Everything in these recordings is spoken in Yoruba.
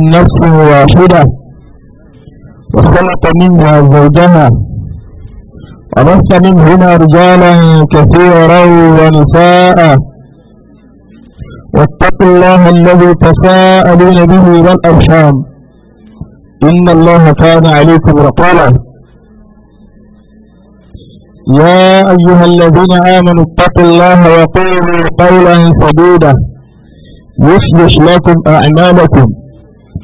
نفس واحدة وخلق منها زوجها وبث منهما رجالا كثيرا ونساء واتقوا الله الذي تساءلون به والأرحام إن الله كان عليكم رقابا يا أيها الذين آمنوا اتقوا الله وقولوا قولا سديدا يصلح لكم أعمالكم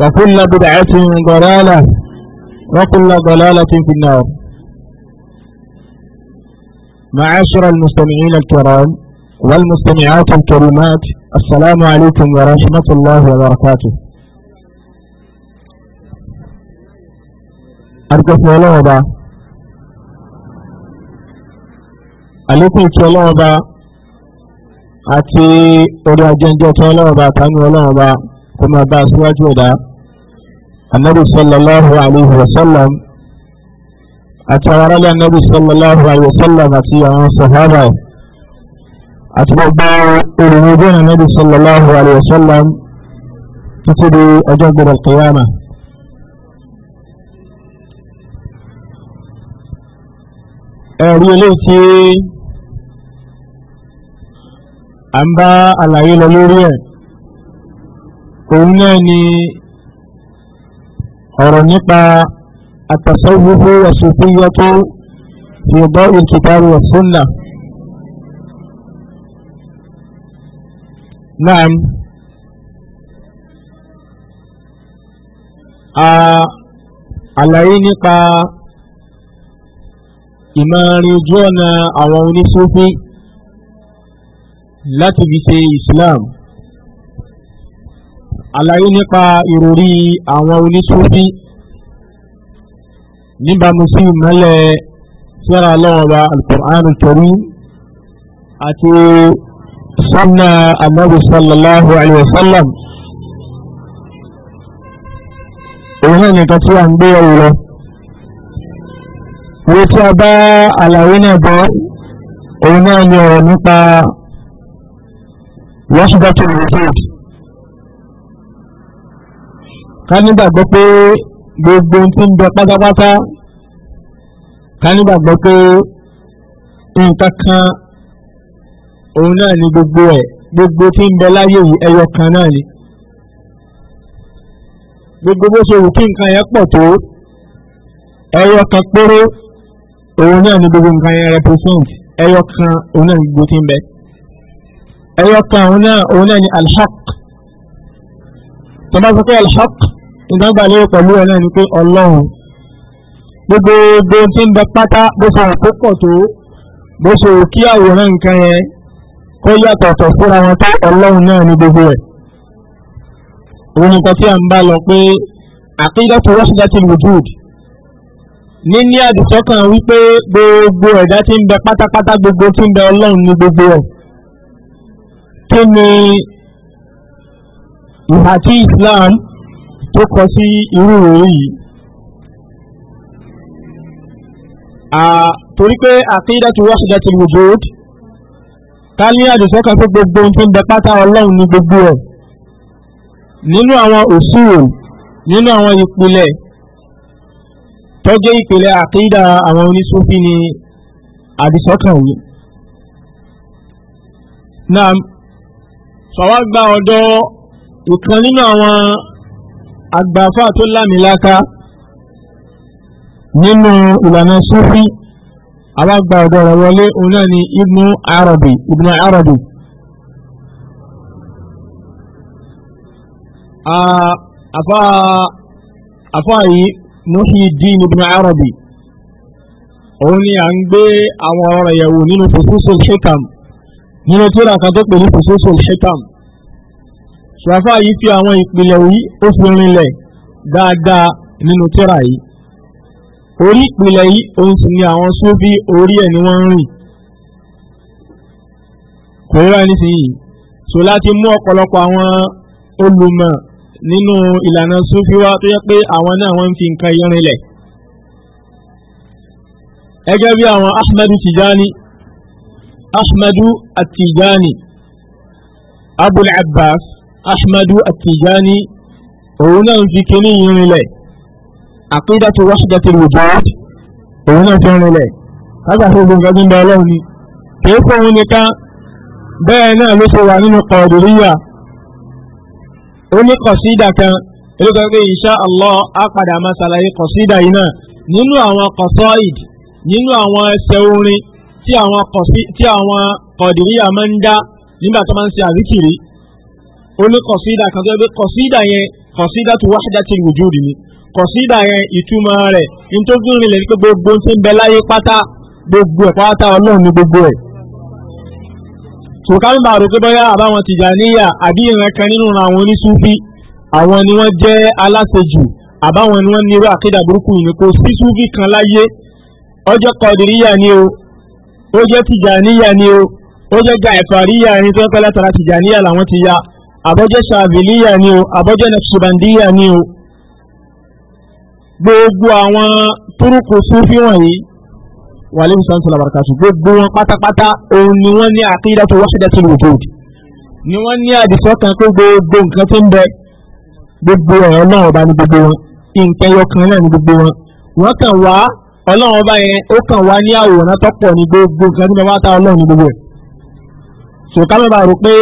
وكل بدعة ضلالة وكل ضلالة في النار معاشر المستمعين الكرام والمستمعات الكريمات السلام عليكم ورحمة الله وبركاته أرجوك الله أبا عليكم الله أبا أتي أولي الله تاني الله kó máa bá aṣíwájú ẹ̀dá anabi sallallahu alayhi wa sallam àti àwọn aráàlú anabi sallallahu alayhi wa sallam àti àwọn sahaba ẹ̀ àti gbogbo olùmọ̀jọ́ anabi sallallahu alayhi wa sallam títí di ọjọ́ gbọdọ̀ kìyàmà. ẹ̀rí eléyìí tí à ń bá àlàyé lọ òun náà ni ọ̀rọ̀ nípa àtàsọ́wọ́fó àṣòfóyọ́ tó fi ọgbọ́ ìkìtàrí ọ̀fúnnà náà a àlàyé nípa ìmọ̀rin ojú ọ̀nà àwọn oníṣòfin láti fi ṣe Islam àlàyé nípa ìròrí àwọn onísúfí níbàámu sí ìmọ́lẹ̀ síra lọ́wọ́ba alukur'an torí àti sọ́nà anabi sallallahu alayhi wa sallam òun náà nìkan tí a ń gbé ẹ̀wù lọ. Owó tí a bá àlàyé náà bọ́ òun náà ni ọ̀rọ̀ nípa wọ́ṣùdọ́tò rìsíìtì ká nígbàgbọ́ pé gbogbo ohun tó ń bẹ pátápátá ká nígbàgbọ́ pé nǹkan kan òun náà ni gbogbo ẹ̀ gbogbo tí ń bẹ láyé yìí ẹyọ kan náà ni gbogbo bó ṣe wù kí nǹkan yẹn pọ̀ tó ẹyọ kan péré òun náà ni gbogbo nǹkan yẹn represent ẹyọ kan òun náà ni gbogbo tí ń bẹ ẹyọ kan òun náà òun náà ni alhaq tó sọ pé alhaq ìdọ́gba lérò pẹ̀lú ẹ̀ náà ni pé ọlọ́run gbogbo gbogbo tí ń bẹ pátá bó ṣe àkókò tó bó ṣe kí àwòrán nǹkan yẹn kó yàtọ̀ ọ̀tọ̀ fúnra wọn tó ọlọ́run náà ní gbogbo ẹ̀. òun nìkan tí a ń bá lọ pé àkídàtú wọ́ṣídàtì wùdúùd níní àdìsọ́kàn wípé gbogbo ẹ̀dá tí ń bẹ pátápátá gbogbo tí ń bẹ ọlọ́run ní gbogbo ẹ̀. kí ni ìhà tí Islam tó kọ sí irú ìròyìn yìí torí pé àkídàtu wahdatil wujud ká ní àdìsọ́kàn pé gbogbo ohun tó ń bẹ pátá ọlọ́run ní gbogbo ẹ̀ nínú àwọn òṣùwò nínú àwọn ìpìlẹ̀ tó jẹ́ ìpìlẹ̀ àkídà àwọn oníṣòfin ni àdìsọ́kàn yìí. náà sọ̀wá gba ọ̀dọ̀ ìkan nínú àwọn àgbàfà tó lámìláka nínú ìlànà sufi àwọn àgbà ọ̀dọ́ rẹ̀ wọlé òun náà ni ibnu arabi ibnu arabi. afa afa yìí Muhyiddin ibn Arabi òun ni à ń gbé àwọn ọ̀rọ̀ yẹ̀wò nínú Fususul Hikam nínú tírà kan tó pè ní Fususul Hikam ṣàfà yìí fi àwọn ìpìlẹ̀ yìí ó fi rinlẹ̀ dáadáa nínú tírà yìí orí ìpìlẹ̀ yìí òun sì ni àwọn sófì orí ẹ̀ ni wọ́n ń rìn kò rí báyìí nísìnyí so láti mú ọ̀pọ̀lọpọ̀ àwọn olùmọ̀ nínú ìlànà sófì wa tó yẹ pé àwọn náà wọ́n ń fi nǹkan yìí rinlẹ̀ gẹ́gẹ́ bí àwọn ahmadu tijani ahmadu atijani abul abbas ahmadu atijani òun náà fi kíní yìí rinlẹ̀ àkídàtú wáṣídàtú wujud òun náà fi rinlẹ̀ kájà fún gbogbo ọdún bá ọlọ́run ni kìí fún òun nìkan bẹ́ẹ̀ náà ló ṣe wà nínú kọ̀ọ̀dùríyà ó ní kọ̀sídà kan olùkọ́ pé insha Allah á padà máa ṣàlàyé kọ̀sídà yìí náà nínú àwọn kọ̀sọ́ìd nínú àwọn ẹsẹ̀ orin tí àwọn kọ̀dìríyà máa ń dá nígbà tó máa ń ṣe àríkìrí ó ní kọ̀sídà kan tó yẹ pé kọ̀sídà yẹn kọ̀sídà tó wahdatil wujudi ni kọ̀sídà yẹn ìtumọ̀ rẹ̀ nítorí rẹ̀ ní pé gbogbo tí ń bẹ láyé pátá gbogbo ẹ̀ pátá ọlọ́run ní gbogbo ẹ̀. tòkàmì bá rò pé bóyá àbáwọn Tìjàníyà àbí ìran kan nínú àwọn onísúfí àwọn ni wọ́n jẹ́ aláṣejù àbáwọn ni wọ́n ní irú àkídà burúkú yìí kò sí súfí kan láyé ó jẹ́ Kọ̀dìríyà ni o ó jẹ́ Tìjàníyà ni o ó jẹ́ Jàfàríyà ni tó ń pẹ́ látara Tìjàníyà làwọn ti ya àbọ́jẹ́ ṣàbìlíyà ni o àbọ́jẹ́ nàṣìbàndíyà ni o gbogbo àwọn túrùkù súfí wọ̀nyí wà lẹ́yìn sọ́nù sọ́nù àbàràkàtù gbogbo wọn pátápátá òun ni wọ́n ní àkídà tó wáṣídà tó lò bòdì ni wọ́n ní àdìsọ́ kan pé gbogbo nǹkan tó ń bẹ gbogbo ọ̀rọ̀ náà ọba ní gbogbo wọn nǹkan ẹyọ kan náà ní gbogbo wọn wọ́n kàn wá ọlọ́run ọba yẹn ó kàn wá ní àwòrán tó pọ̀ ní gbogbo nǹkan tó bá wá tá ọlọ́run ní gbogbo ẹ̀ sọ̀tàmọ́ba rò pé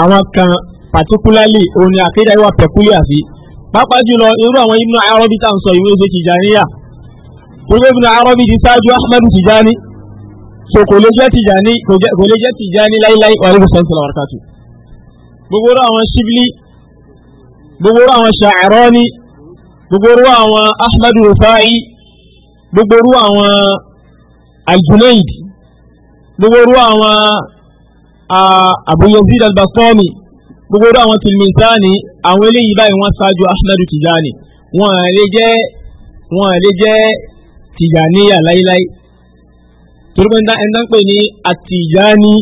àwọn kan particularly òun ni àkídà yìí wà peculiar sí pápá jùlọ irú àwọn Ibn Arabi tá à ń sọ ìwé ṣe Tijaniyya gbogbo Ibn Arabi ti ṣáájú Ahmadu Tijani so kò lè jẹ́ Tijani kò lè jẹ́ Tijani láíláí wà lóko sọ́nsọ́nà wàrúkàtù gbogbo irú àwọn Shibli gbogbo irú àwọn Sha'irani gbogbo irú àwọn Ahmadu Rufai gbogbo irú àwọn Al-Junayd gbogbo irú àwọn ah, Abu Yazid al gbogbo àwọn tìlmìntánì àwọn eléyìí báyìí wọ́n ṣáájú ahmadu tijani wọ́n lè jẹ́ wọ́n lè jẹ́ tijaniya láíláí torípé ẹ̀ńdá ń pè ní àtijani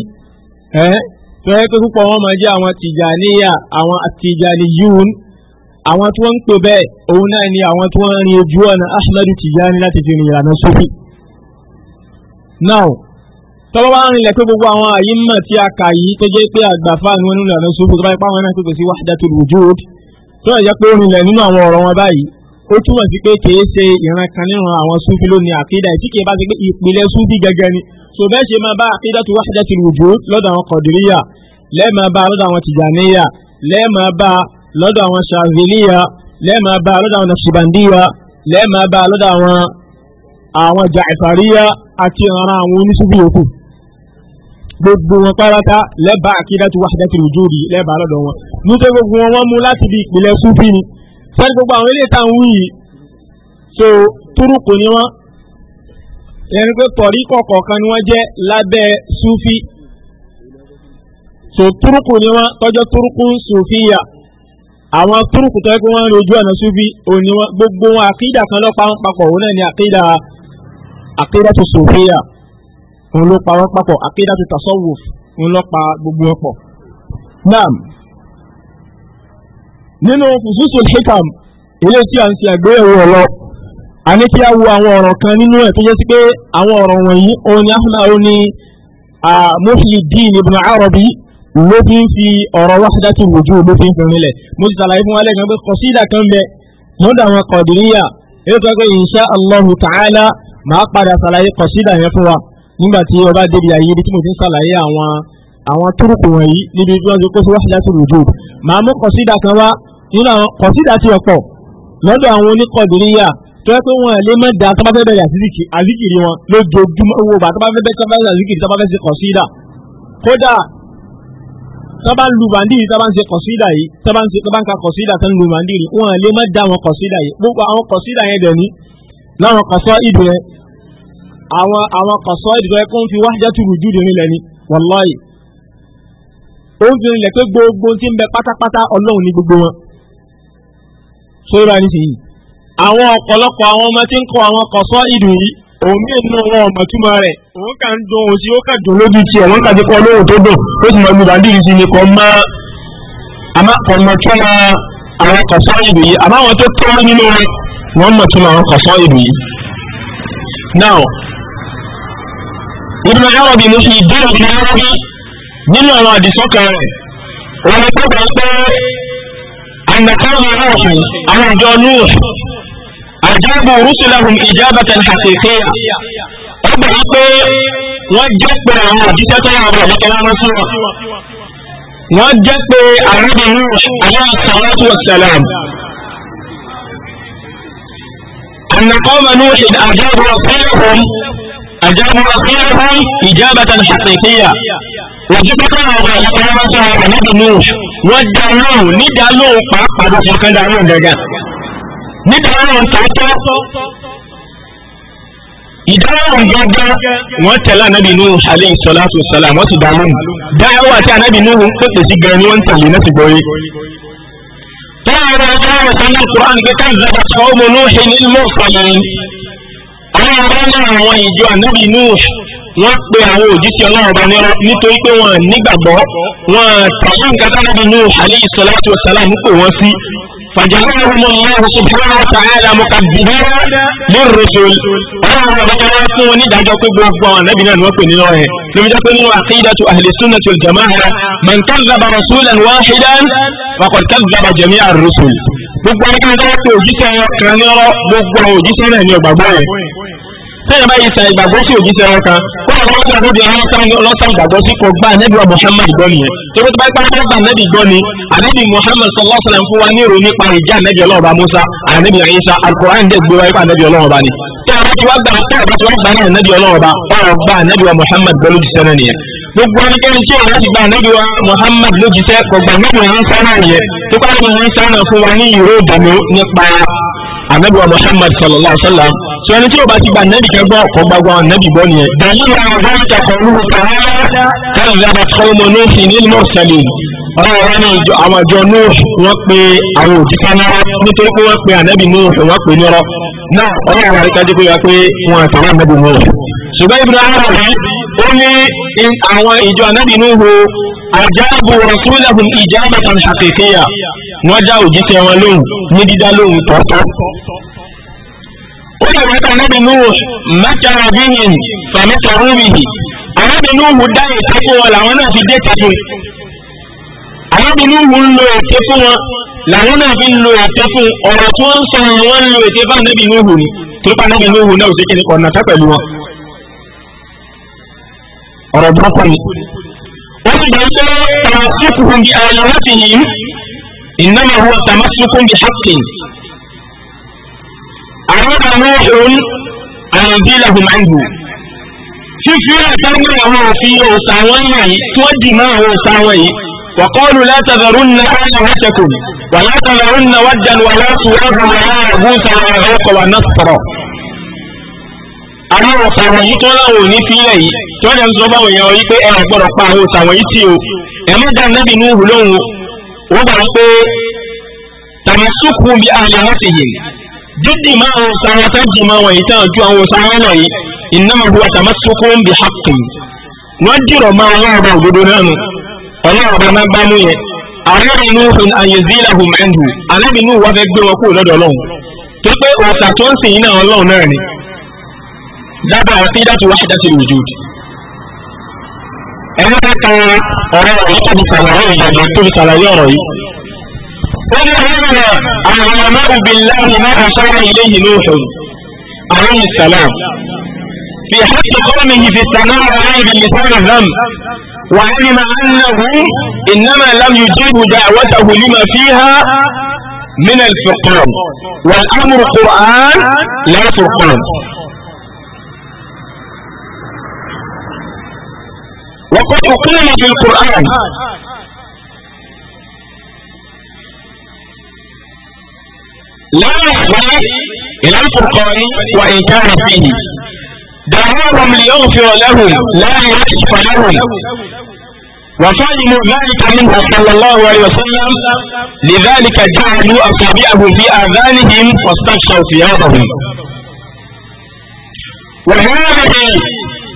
ẹ́ tó yẹ pé púpọ̀ wọn máa jẹ́ àwọn tijaniya àwọn àtijani yún àwọn tí wọ́n ń pè bẹ́ẹ̀ òun náà ni àwọn tí wọ́n ń rin ojú ọ̀nà ahmadu tijani láti fi rìn ìlànà sófin. now tọ́wọ́ bá ń rinlẹ̀ pé gbogbo àwọn àyè mọ̀ tí a kà yìí tó jẹ́ pé àgbàfà ni wọ́n nílò àwọn sófò tó bá yẹ pé àwọn náà pèpè sí wahdatul wujud tó yẹ jẹ́ pé ó rinlẹ̀ nínú àwọn ọ̀rọ̀ wọn báyìí ó túmọ̀ sí pé kìí ṣe ìran kan nínú àwọn súfì lónìí àkídà tí kìí bá ṣe pé ìpìlẹ̀ súfì gẹ́gẹ́ ni so bẹ́ẹ̀ ṣe máa bá àkídà tó wahdatul wujud lọ́dọ̀ àwọn kọ̀dìríyà lọ́dọ̀ àwọn tìjàníyà lẹ́ẹ̀máa bá bá àwọn oníṣubú yòókù gbogbo wọn párátá lẹ́bàá akídàtú wahdatul wujudi lẹ́bàá lọ́dọ̀ wọn nítorí gbogbo wọn wọ́n mú láti bí ìpìlẹ̀ súfì ni sẹ́ni gbogbo àwọn eléyìí táwọn wí yìí so túrùkù ni wọ́n ẹni pé tọ̀rí kọ̀ọ̀kan ni wọ́n jẹ́ lábẹ́ súfì so túrùkù ni wọ́n tọ́jọ́ túrùkù sùfìyà àwọn túrùkù tó yẹ kí wọ́n ń rojú ọ̀nà súfì òní wọn gbogbo wọn àkídà kan lọ́pàá papọ̀ òun náà ni àkídà àkídà tó sùfìyà òun ló pa wọ́n papọ̀ akédàtú tasawuf òun ló pa gbogbo wọn pọ̀. naam nínú fususul hikam ilé tí a ń ṣe àgbéyẹ̀wò ọ̀lọ́ a ní kí a wo àwọn ọ̀rọ̀ kan nínú ẹ̀ tó jẹ́ sí pé àwọn ọ̀rọ̀ wọ̀nyí òun ni ahuna òun ni Muhyiddin Ibn Arabi ló fi ń fi ọ̀rọ̀ wahdatul wujud ló fi ń fi rinlẹ̀ mo ti sàlàyé fún wa lẹ́ẹ̀kan pé kọ̀sídà kan bẹ lọ́dọ̀ àwọn Qadiriyya èyí tó pé insha Allahu ta'ala máa padà sàlàyé kọ̀sídà yẹn fún wa nígbà tí ọba débi ayé ibi tí mo ti ń ṣàlàyé àwọn àwọn túrùkù wọ̀nyí níbi tí wọ́n ti kó sí wáṣíjà tó lòdù màá mú kọ̀sídà kan wá nínú àwọn kọ̀sídà ti ọ̀pọ̀ lọ́dọ̀ àwọn oníkọ̀dúnríyà tó yẹ pé wọn lè má da tó bá fẹ́ bẹ̀rẹ̀ àzíkiri wọn lójoojúmọ́ owó bá tó bá fẹ́ bẹ́ẹ̀ tó bá fẹ́ àzíkiri tó bá fẹ́ ṣe kọ̀sídà kódà tó bá ń lu bàndì yìí tó bá ń ṣe kọ̀sídà yìí tó bá ń ṣe tó bá ń ka kọ̀sídà tó ń lu bàndì yìí wọn lè má da àwọn kọ̀sídà yìí gbogbo àwọn kọ̀sídà yẹn dẹ̀ ní láwọn kọ̀sọ́ ìdù àwọn àwọn kọ̀sọ́ ìdìbò ẹ̀kọ́ ń fi wahdatul wujud nílẹ̀ ni wallahi ó ń fi nílẹ̀ pé gbogbo tí ń bẹ pátápátá ọlọ́run ní gbogbo wọn. sórí bá nísìnyí àwọn ọ̀pọ̀lọpọ̀ àwọn ọmọ tí ń kọ àwọn kọ̀sọ́ ìdù yìí òun ní inú wọn ọmọ túmọ̀ rẹ̀ òun kà ń dun òun sí ó kà dùn lójú tiẹ̀ wọ́n kà kọ́ lóhùn tó dùn ó sì máa gbùdà dìrì sí ni kò mọ now Ibn Arabi Muhyiddin Ibn Arabi nínú àwọn àdìsọ́kàn rẹ̀ wọ́n ní pé wọ́n pé ànàkàwọn aráàfin àwọn àjọ Nuh àjábò rusulahum ijabatan haqiqiyya ó gbà pé wọ́n jẹ́ pé àwọn àdìsọ́ tó yà wọ́n lọ́tọ́ wọn sí wọn. wọ́n jẹ́ pé àrẹ́bí Nuh alayhi salatu wassalam ànàkàwọn Nuh àjábò rusulahum àjábù ọ̀kíyàwó ìjábàtà ṣàtìkíyà òjúbọ́ káwọn ọ̀rọ̀ ìpamọ́ tó ọ̀rọ̀ níbi nù wọ́n dá lóhùn nídàá lóhùn pàápàá ló fi kán dá lóhùn dandan nídàá lóhùn tòótọ́ ìdáhùn gángan wọ́n tẹ̀lé ànábì nù alayhi salatu wassalam wọ́n sì dá lóhùn dáhùn àti ànábì nù ń pèsè sí gan ni wọ́n ń tẹ̀lé náà ti gbọ́ yé. táwọn ọ̀rọ̀ ọ̀rọ̀ sọ́nà kúránì pé káyọ̀ bá ní àwọn ìjọ ànábì Nuh wọ́n pe àwọn òjíṣẹ́ ọlọ́run bá nírọ́ nítorí pé wọ́n nígbàgbọ́ wọ́n tàbí nǹkan tánábì Nuh alayhi salatu wa salam ń pè wọ́n sí. فجعلهم الله سبحانه وتعالى مكذبين للرسل ọlọ́run ọ̀bọ̀n wọn fún wọn nídàájọ́ pé gbogbo àwọn ànábì náà ni wọ́n pè nínú ẹ̀ lóbi jẹ́ pé nínú àkídàtu ahli sunnati wal jama'a man kadhaba rasulan wahidan faqad kadhaba jami'a ar-rusul gbogbo àwọn akẹ́kọ̀ọ́ òjíṣẹ́ kan ní ọ̀rọ̀ gbogbo àwọn òjíṣẹ́ náà ni ọ̀gbàgbọ́ ẹ̀ sẹ́yìn báyìí sa ìgbàgbọ́ sí òjíṣẹ́ wọn kan wọ́n àwọn ọmọdé àgbọ̀dé ọlọ́sàn ìgbàgbọ́ sí kò gbá anẹ́bí wa Muhammad gbọ́ nìyẹn torí tó bá gbá anẹ́bí wa Muhammad gbọ́ ni anẹ́bí Muhammad sallallahu alaihi fún wa ní ìròyìn nípa ìjà anẹ́bí ọlọ́ọ̀ba Musa anẹ́bí Isa Al-Qur'an gbé wa ipa anẹ́bí ọlọ́ọ̀ba ni gbogbo ẹnikẹ́ni tí òun láti gba ànábì wa Muhammad lójíṣẹ́ kò gba ànábì wọn sára yẹn tó bá ní wọn sára fún wa ní ìró ìdùnnú nípa ànábì wa Muhammad sallallahu alaihi wa sallam sọ ẹni tí o bá ti gba nẹ́bì kan gbọ́ ọ̀kọ́ gbàgbọ́ àwọn nẹ́bì gbọ́ nìyẹn. dàlílà ọ̀dọ́ ìjàkọ̀ olúwo tààrà káàdì lábà fọwọ́ mọ nóòsì ní ìlú ọ̀sẹ̀lẹ̀ ọ̀rọ̀ wọn ní àwọn àjọ nóòsì wọ́n pe àwọn òtítọ́ náà nítorí pé wọ́n pe ànẹ́bì nóòsì wọ́n pe nírọ́ náà ọ̀rọ̀ àwọn àríkájú pé wọ́n pe wọn àtàwọn ànẹ́bì rasulahum ìjábà tàn ṣàkèkéyà wọ́n já òjíṣẹ́ wọn nígbàgbọ́ anábì nuhu mẹ́tara bíyìn fàmẹ́tà rúbìyì anábì nuhu dá ète fún wọn làwọn náà fi dé tàbí anábì nuhu ń lo ète fún wọn làwọn náà fi ń lo ète fún ọ̀rọ̀ tí wọ́n ń sọ wọn ń lo ète fún anábì nuhu ni torípa anábì nuhu náà ò sí kíni ọ̀nà tá pẹ̀lú wọn ọ̀rọ̀ burúkú ni wọ́n ti gbà pé tàmásùkùn bí àyàwó ti yìí ìnáwó tàmásùkùn bí hàpìn àrọ́dà nóòhùn àyànjílẹ̀hùn àìbù fífi àtàwọn àwọn òfin òòsà wọn yìí tí wọ́n dì mọ́ àwọn òòsà wọn yìí وقالوا لا تذرن آلهتكم ولا تذرن ودا ولا سواها ولا يغوث ولا يعوق ونصرا àwọn ọ̀sà wọ̀nyí tó láwọn ò ní sílẹ̀ yìí tí wọ́n lè ń sọ báwọn èèyàn wọ̀nyí pé ẹ̀rọ gbọ́dọ̀ pa àwọn ọ̀sà wọ̀nyí tí dídì máa ń sáwọn tájì máa wọ̀nyí táwọn ju àwọn sáwọn wọ̀nyí innama huwa tamassukum bi haqqi wọ́n dìrọ̀ máa wọ́n ọba òdodo náà nù ọlọ́run ọba máa gbámú yẹn àrẹ́rìn nuhun ayezilahum anhu alẹ́rìn nuhu wọ́n fẹ́ gbé wọn kúrò lọ́dọ̀ ọlọ́run tó pé ọ̀sà tó ń sìn yín náà ọlọ́run náà ni dábàá àti dátù wahdatil wujud ẹ̀rọ kan ọ̀rọ̀ ọ̀rọ̀ tó fi sàlàyé ọ̀rọ̀ yìí وما هنا العلماء بالله ما أشار إليه نوح عليه السلام في حق قومه في السماء عليه باللسان الذم وعلم أنه إنما لم يجيب دعوته لما فيها من الفرقان والأمر قرآن لا فرقان وقد أقيم في القرآن لا يخضع إلى القرآن وإن كان فيه دعوهم ليغفر لهم لا يكشف لهم وفهموا ذلك منه صلى الله عليه وسلم لذلك جعلوا أصابعهم في آذانهم واستغشوا ثيابهم وهذه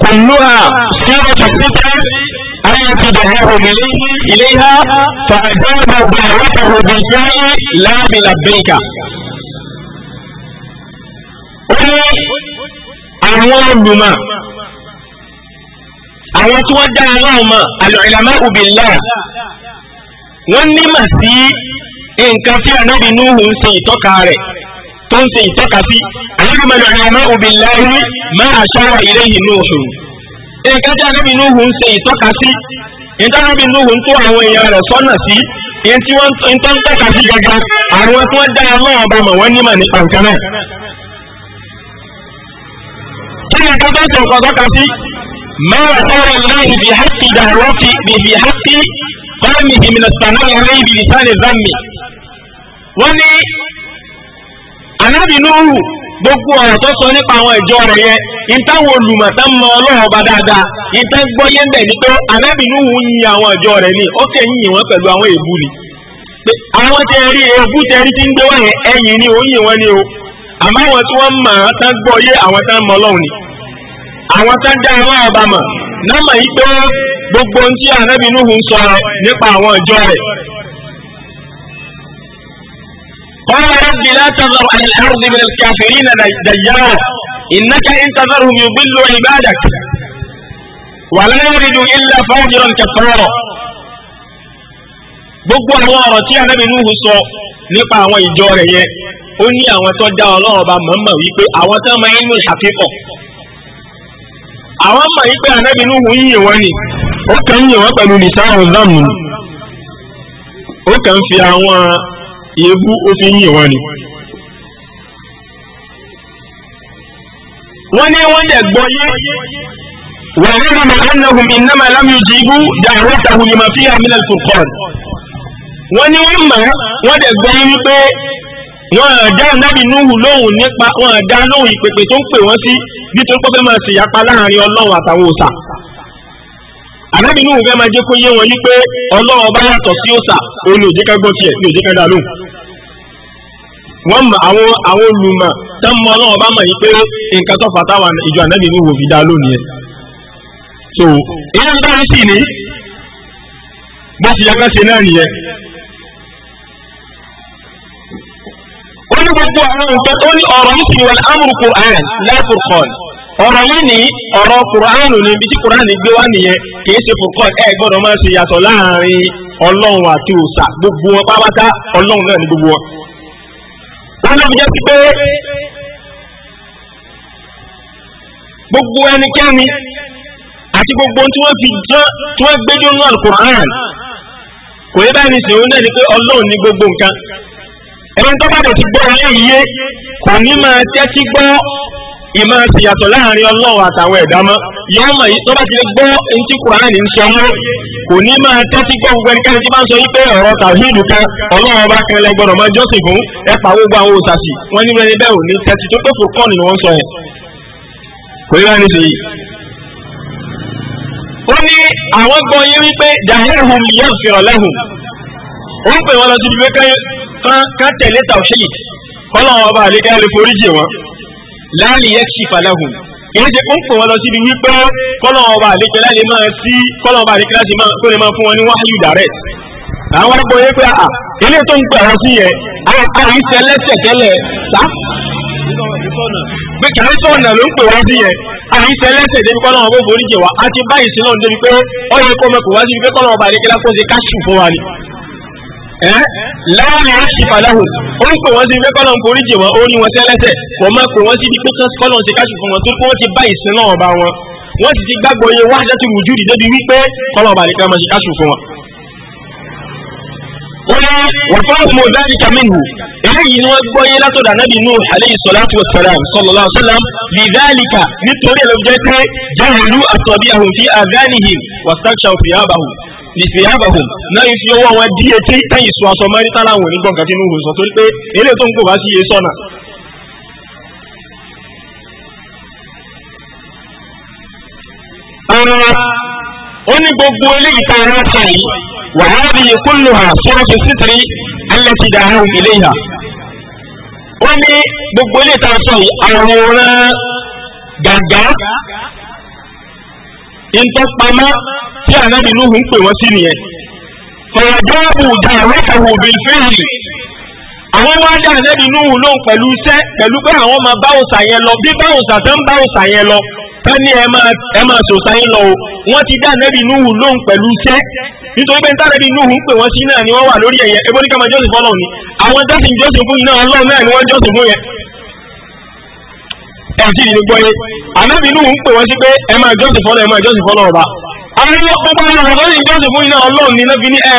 كلها سيرة الفكر التي دعاهم إليها فأجابوا دعوته بالفعل لا بلبيك àwọn olùmọ̀ àwọn tí wọ́n dá aláwọ̀ mọ̀ alùlámà billah wọ́n nímọ̀ sí nǹkan tí ànábì Nuhu ń ṣe ìtọ́ka rẹ̀ tó ń ṣe ìtọ́ka sí ànábì alùlámà billah máa ashara ilayhi Nuhu nǹkan tí ànábì Nuhu ń ṣe ìtọ́ka sí ìtọ́nàbì Nuhu ń tó àwọn èèyàn rẹ̀ sọ́nà sí ìyẹn tí wọ́n ń tọ́ka sí gẹ́gẹ́ àwọn tí wọ́n dá aláwọ̀ bá nǹkan tó ń ṣe nǹkan tọ́ka sí mẹ́wàá sọ́wọ́ ìlànà ìfi hàkì dàrọ́kì ìfi hàkì fáàmì ìmìnà sànà ìrìn ibi ìsàlẹ̀ zambi. wọ́n ní anábì Nuhu gbogbo ọ̀rọ̀ tó sọ nípa àwọn rẹ̀ ọba dáadáa gbọ́ yé ń bẹ̀ ní pé anábì ni ń yin wọn ni àwọn tẹ rí tẹ rí ń gbé wọn yẹn ni o àmọ́ àwọn tí wọ́n mọ̀ ọ́n tán gbọ́ yé ni. àwọn tó ń dá àwọn àbámọ̀ nọ́mà yìí pé gbogbo ohun tí ànábì Nuhu ń sọ nípa àwọn ìjọ rẹ̀. قال رب لا تذر على الأرض من الكافرين ديارا إنك إن تذرهم يضلوا عبادك ولا يردوا إلا فاجرا كفارا gbogbo àwọn ọ̀rọ̀ tí ànábì Nuhu sọ nípa àwọn ìjọ rẹ̀ yẹn ó ní àwọn tó dá Ọlọ́run mọ̀ọ́mọ̀ wípé àwọn tó máa ń àwọn mọ̀ yí pé anábì Nuhu ń yìn wọ́n ni ó kàn ń yìn wọ́n pẹ̀lú lisanu zamu ó kàn ń fi àwọn èébú ó fi ń yìn wọ́n ni. wọ́n ní wọ́n dẹ̀ gbọ́ yé وعلم أنهم إنما لم يجيبوا دعوته لما فيها من الفرقان wọ́n ní wọ́n mọ̀ wọ́n dẹ̀ gbọ́ yé wípé wọn àdá ànábì núhù lóhùn nípa wọn àdá lóhùn ìpèpè tó ń pè wọ́n sí nítorí pé fẹ́ máa ṣèyapa láàrin ọlọ́run àtàwọn òòṣà ànábì núhù fẹ́ máa jẹ́ kó yé wọn wípé ọlọ́run bá yàtọ̀ sí òòṣà òun ò jẹ́ ká gbọ́ tiẹ̀ ní ò jẹ́ ká dá lóhùn wọ́n mọ àwọn àwọn olùmọ̀ tó ń mọ ọlọ́run bá mọ̀ yìí pé nǹkan tó fàtà wà ìjọ ànábì núhù fi dá lónìí ẹ̀ so ìyá ń bá ń sì ní bó ti yẹ ká ṣe náà nìyẹn ní gbogbo àwọn nke onye ní ọ̀rọ̀ yìí ti wọlé amúrú Qur'an láìfurqan ọ̀rọ̀ yìí ní ọ̀rọ̀ Qur'an ní ibi tí Qur'an gbé wá nìyẹn e kì í ṣe gbọ́dọ̀ máa ṣe yàtọ̀ láàrin ọlọ́run àti gbogbo wọn ọlọ́run náà ní gbogbo wọn. wọn fi jẹ́ sí pé gbogbo ẹnikẹ́ni àti gbogbo tí wọ́n fi tí wọ́n náà kò yẹ báyìí ẹni tó bá dẹ̀ ti gbọ́ ilé yìí kò ní máa tẹ́tí gbọ́ ìmọ̀ àtìyàtọ̀ láàrin ọlọ́run àtàwọn ẹ̀dá mọ́ yóò mọ̀ yìí tó bá ti lè gbọ́ ẹni tí Kùránì ń sọ mọ́ kò ní máa tẹ́tí gbọ́ gbogbo ẹnikẹ́ni tí bá ń sọ yí pé ọ̀rọ̀ tàwíìlù kan ọlọ́run ọba kan lẹ gbọ́dọ̀ máa jọ́sìn fún ẹ pa gbogbo àwọn òṣàṣì wọn ní ẹni bẹ́ẹ̀ ò ní tẹ́tí tó pé fòkàn ni wọ́n sọ yẹn kò ní láti ṣe yìí. ó ní àwọn gbọ́ yé wípé jahilhum yẹ́ kán tẹ̀lé tawhid kọ́lọ́wọ́n ọba àlejò àlè forí jì wọ́n láàlì yẹ kí falahùn èyí ṣe ń pè wọ́n lọ síbi wípé kọ́lọ́wọ́n ọba àlejò láti máa sí kọ́lọ́wọ́n ọba àlejò láti máa tó lè máa fún wọn ní wáyù direct àwọn agbóyè yẹ pé à ilé tó ń gbà wọn sí yẹn àyè ṣe lẹ́sẹ̀kẹ́lẹ̀ sá pé kàrí sọ̀nà ló ń pè wọ́n sí yẹn àyè ṣe lẹ́sẹ̀ débi kọ́lọ́ wọn gbogbo oríjì wa àti báyìí sí náà débi pé ọ yẹ kó mẹ́kọ̀ọ́ wá síbi pé kọ́lọ́ wọn bá àlejò láti kó ṣe káṣù fún wa ni láwọn yóò ṣì fàlàhù oríṣi wọn ti fẹ́ kọ́lọ̀ ń forí jì wọn ó ní wọn tẹ́lẹ́sẹ̀ wọ́n máa pè wọ́n sí ibi pé kọ́lọ̀ ń ṣe káṣù fún wọn tó kó ti bá ìsìn náà bá wọn wọ́n sì ti gbàgbọ́ iye wá dẹ́tù rùjú rí débi wípé kọ́lọ̀ ọba nìkan máa ṣe káṣù fún wọn. wọ́n ní wọ́n fọ́n mọ̀ dáàbì kàmínú eléyìí ni wọ́n gbọ́ iye látọ̀dọ̀ anábì nù alayhi salatu wa salam sallallahu salam nítorí ẹ̀ jẹ́ ìlú àtọ̀bí fi àdánìhìn wàsáṣà òfin lìfìyàbàhùn náà fi ọwọ́ wọn dí etí tẹ́yìn sọ aṣọ mẹ́rítà láwọn onígbọ̀n kan tí inú hùn sọ pé eré tó ń kó bá sí iye sọ́nà. ó ní gbogbo eléyìí tá a rán sọ yìí wàhálà bíi kúlù hà sọ́ọ́tù sítìrì alẹ́tì dàhùn iléyà. ó ní gbogbo eléyìí tá a sọ yìí àwòrán gàgà ń tí ànábì Nuhu ń pè wọ́n sí nìyẹn fọ̀yàjọ́bù dàrẹ́kẹ̀wò bìlfẹ́yì àwọn wá dá ànábì Nuhu lóhùn pẹ̀lú iṣẹ́ pẹ̀lú pé àwọn máa bá òòsà yẹn lọ bí bá òòsà tó ń bá òòsà yẹn lọ tẹ́ni ẹ máa sòsà yín lọ o wọ́n ti dá ànábì Nuhu lóhùn pẹ̀lú iṣẹ́ nítorí pé ntàrẹ́bì Nuhu ń pè wọ́n sí náà ni wọ́n wà lórí ẹ̀yẹ ebó ní kàmá jọ́sìn fọ́lọ́ ni àwọn jọ́sìn jọ́sìn fún iná ọlọ́run náà ni wọ́n jọ́sìn fún yẹn ẹ̀sìn ìdìbò yẹn ànábì Nuhu ń pè wọ́n sí pé ẹ máa jọ́sìn fọ́lọ́ ẹ máa jọ́sìn fọ́lọ́ ọba àwọn ẹni ọgbọ́n bá ní ọ̀rọ̀ lórí ìjọsìn fún iná ọlọ́run ní náà fi ní ẹ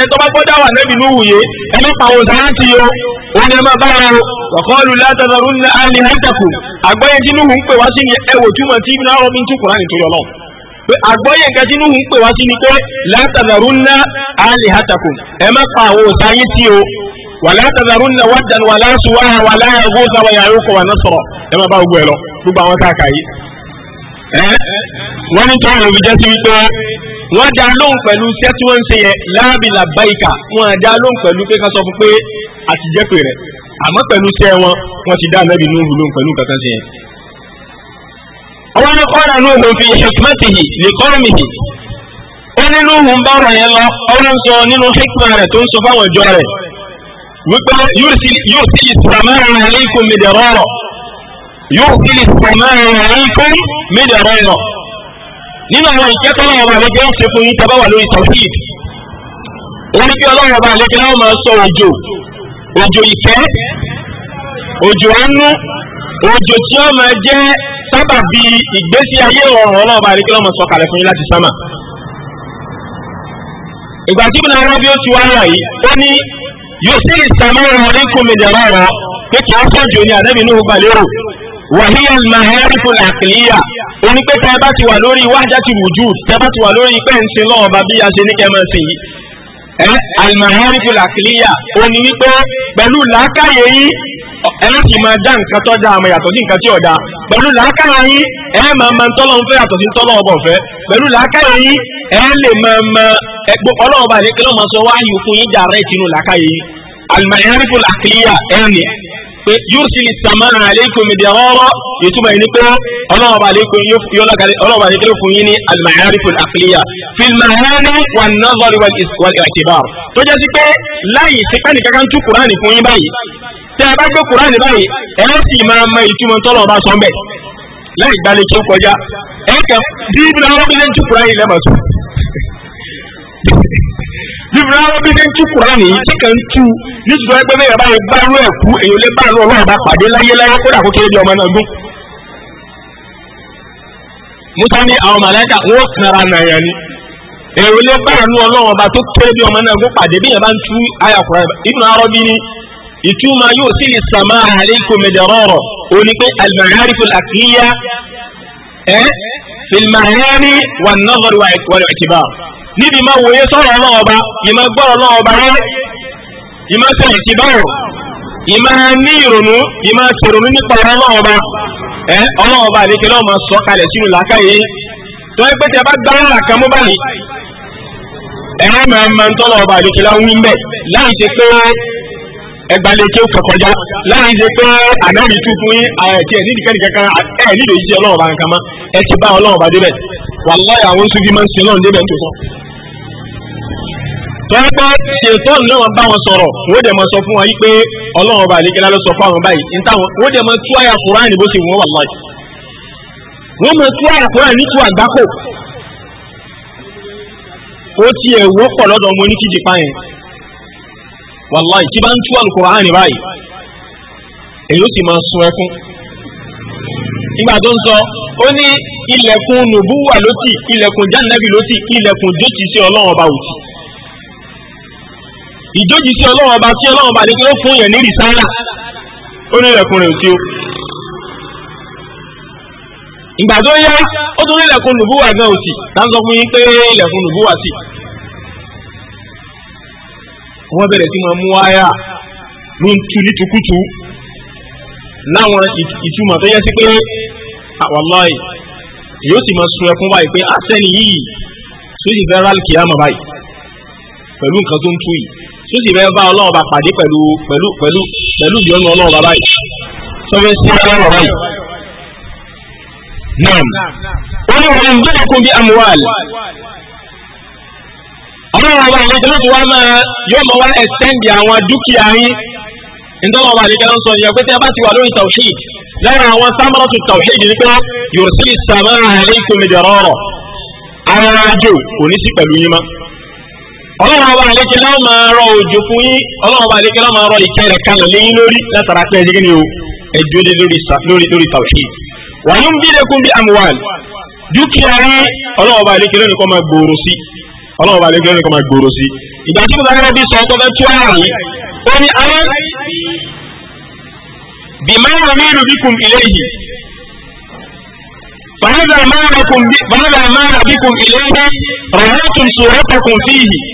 ẹ tó bá gbọ́dá wà nẹ́bí ní wùyé ẹni pàwọn sáà ti yọ òun ni ẹ máa bára o ọ̀kọ́lù látàdàrú ní àlè látàkù àgbọ́yé tí núhùn pè wá sí ni ẹwò túmọ̀ tí ibi náà rọ́ mi ń túkùrá nítorí ọlọ́run pé àgbọ́yé nǹkan tí núhùn pè wá sí ni pé látàdàrú ní àlè látàkù ẹ má pa àwọn òsáyé tí o wà látàdàrú ní wàdàn wà láṣù wà wà láyàgó sáwà yàrá òkò wà náà sọ̀rọ̀ ẹ má bá gbogbo ẹ lọ gbogbo àwọn káàkiri wọ́n ní tọ́wọ́n òbí jẹ́ sí wípé wọ́n dá lóhùn pẹ̀lú iṣẹ́ tí wọ́n ń ṣe yẹn láàbì làbáyìkà wọ́n dá lóhùn pẹ̀lú pé ká sọ fún pé àtijẹ́pẹ̀ rẹ̀ àmọ́ pẹ̀lú iṣẹ́ wọn wọ́n ti dá ànábì Nuhu lóhùn pẹ̀lú kankan ṣe yẹn. ọwọ́ ní kọ́ra ní òun fi hikmatihi lè kọ́rọ̀ mi hì ó ní Nuhu ń bá ọ̀rọ̀ yẹn lọ ọlọ́run sọ nínú hikma rẹ̀ tó ń sọ fáwọn ìjọ rẹ̀ wípé yóò sì ìsàmẹ́rin alaykum midrara yóò sì nínú àwọn ìkẹ́kọ̀ọ́ ọlọ́run ọba àlejò ń ṣe fún yín tẹ́ bá wà lórí tọ́fíìd òun ni kí ọlọ́run ọba àlejò náà máa sọ òjò òjò ìfẹ́ òjò àánú òjò tí ó máa jẹ́ sábà bí ìgbésí ayé ọ̀rọ̀ ọlọ́run ọba àlejò náà máa sọ kalẹ̀ fún yín láti sámà. ìgbà tí ìbùnà arábí ó ti wá rà yìí ó ní yóò sí ìsàmúlò ọ̀rẹ́kùnmídẹ̀rọ̀ pé kì í sọ́jọ́ ni àdẹ́bìnú gbàlérò wàhíyàn mahẹ́rìfù òní pé tẹ́ ẹ bá ti wà lórí wájàtì wùjú tẹ́ ẹ bá ti wà lórí pẹ́ ń sin lọ́wọ́ bàbí àṣẹ ní kẹ́mọ́ sí yìí. ẹ alimahari fi làkìlíyà òní wípé pẹ̀lú làákàyè yín ẹ má ti máa dá nǹkan tó dáa àmọ́ yàtọ̀ sí nǹkan tí ò dáa pẹ̀lú làákàyè yín ẹ máa máa tọ́lọ́ fẹ́ yàtọ̀ sí tọ́lọ́ ọbọ̀ fẹ́ pẹ̀lú làákàyè yín ẹ lè máa máa ẹgbọ́ ọlọ́ọ̀bà ní kílọ̀ máa sọ wáyé fún yín jà rẹ̀ làákàyè yín alimahari fi làkìlíyà ẹ nìyẹn pé yursil sama aleikum midirọ́rọ́ ìtumọ̀ yìí ni pé ọlọ́wọ́ bá aleikum yóò bá aleikum fún yín ní al-ma'arif al-aqliya filimahani wa nazari wa akibar tó jẹ́ sí pé láyì sí nìkan kan tú kuraani fún yín báyìí tẹ́ ẹ bá gbé kuraani báyìí ẹ sì máa mọ ìtumọ̀ tọ́lọ̀ bá sọ mbẹ́ láì gbalẹ̀ kí ó kọjá ẹ kẹ bí ibi náà wọ́n bíbélì àwọn bí ṣe ń tú kùrán nìyí tí kàn ń tú nítorí pé bẹ́ẹ̀ bá yẹ bá rú ẹ̀ kú èyí lè bá rú ọlọ́run bá pàdé láyé láyé kódà kó kéré bí ọmọ náà gún. musa ní àwọn màláíkà wọ́n kanra nàyà ni èyí lè bá rú ọlọ́run bá tó kéré bí ọmọ náà gún pàdé bí yẹn bá ń tú àyà kùrán Ibn Arabi ni ìtumọ̀ yóò sì lè sàmà alaykum midrara ó ní pé al-ma'arif al-aqliyya ẹ fil níbi máa wòye sọ̀rọ̀ ọlọ́run ọba ìmọ̀ gbọ́rọ̀ ọlọ́run ọba yẹ ìmọ̀ sẹ̀yìn ti báwò ìmọ̀ ní ìrònú ìmọ̀ sèrònú nípa ọlọ́run ọba ẹ ọlọ́run ọba àdékẹ́ náà máa sọ kalẹ̀ sínú làákàyè tó ẹ pé tí a bá gbá ńlá kan mú báyìí ẹ má máa máa ń tọ́lọ̀ ọba àdékẹ́ láwùí ń bẹ̀ láì ṣe pé ẹgbàlejò kọkọjá láì ṣe pé ànábì tuntun yín àti ẹ̀ní nìkan nìkan kan ẹ̀ nílò ìṣiṣẹ́ ọlọ́run ọba nǹkan mọ́ ẹ ti bá ọlọ́run ọba débẹ̀ wàláyà àwọn sufi tọ́lá pé ṣètọ́n náà wọn bá wọn sọ̀rọ̀ wọ́n dẹ̀ mọ sọ fún wọn yí pé ọlọ́run ọba àlekẹ́lá ló sọ fún àwọn báyìí níta wọn wọ́n dẹ̀ mọ tú àyà kúránì bó ṣe wọ́n wà láì wọ́n mọ tú àyà kúránì tú àgbákò ó tiẹ̀ wọ́pọ̀ lọ́dọ̀ ọmọ oníkìjì páyẹn wàláì tí bá ń tú àlùkùránì báyìí èyí ó sì máa sun ẹkún nígbà tó ń sọ ó ní ilẹ̀kùn nùbúwà ló ìjójì sí ọlọ́run ọba sí ọlọ́run ọba ní kí ó fún yẹn ní rìsáyà ó ní ilẹ̀kùn rẹ̀ sí o. ìgbà tó yá ó tún ní ilẹ̀kùn nùbúwà gan òsì tá ń sọ fún yín pé ilẹ̀kùn nùbúwà sí. wọ́n bẹ̀rẹ̀ sí máa mú àyà ní tu ní tukutu láwọn ìtumọ̀ tó yẹ sí pé àwàláì yóò sì máa sun ẹkún báyìí pé àsẹ́ni yìí sí ìfẹ́ rálì kìí àmà báyìí pẹ̀lú nǹkan tó ń tú yìí tó sì fẹ́ bá ọlọ́run bá pàdé pẹ̀lú pẹ̀lú pẹ̀lú pẹ̀lú ìyọnu ọlọ́run bá báyìí sọfẹ́ sí ọlọ́run báyìí. náà wọ́n ní wọ́n ń gbé ẹkún bí amuwal ọlọ́run bá ilé ìjọba wa máa yọ ọmọ wa ẹ̀sẹ̀ǹdì àwọn dúkìá yín nítorí ọba àdìgẹ́ ló ń sọ ní ọgbẹ́ tí a bá ti wà lórí tawhid lára àwọn sámárọ̀tù tawhid ní pé yorùsílì sàmáà àlékún mi dọ̀rọ̀ ọ̀rọ̀ ara àjò kò ní sí pẹ̀lú yín mọ́ ọlọ́run ọba àlékè láwọn máa rọ òjò fún yín ọlọ́run ọba àlékè láwọn máa rọ ìkẹ́ rẹ̀ kalẹ̀ léyìn lórí látara pé ẹ̀jẹ̀ ni o ẹ̀jọ́ lé lórí lórí lórí tàwùsí. wà ló ń bí lẹ́kùn bí amuwal dúkìá rí ọlọ́run ọba àlékè lónìí kọ́ máa gbòòrò sí ọlọ́run ọba àlékè lónìí kọ́ máa gbòòrò sí. ìgbà tí mo dára bí sọ ọkọ fẹ́ tú ara yìí ó ní alẹ́ bí máa rọ mí lùbíkùn ilé yìí فهذا ما بكم فهذا ما بكم إليه فيه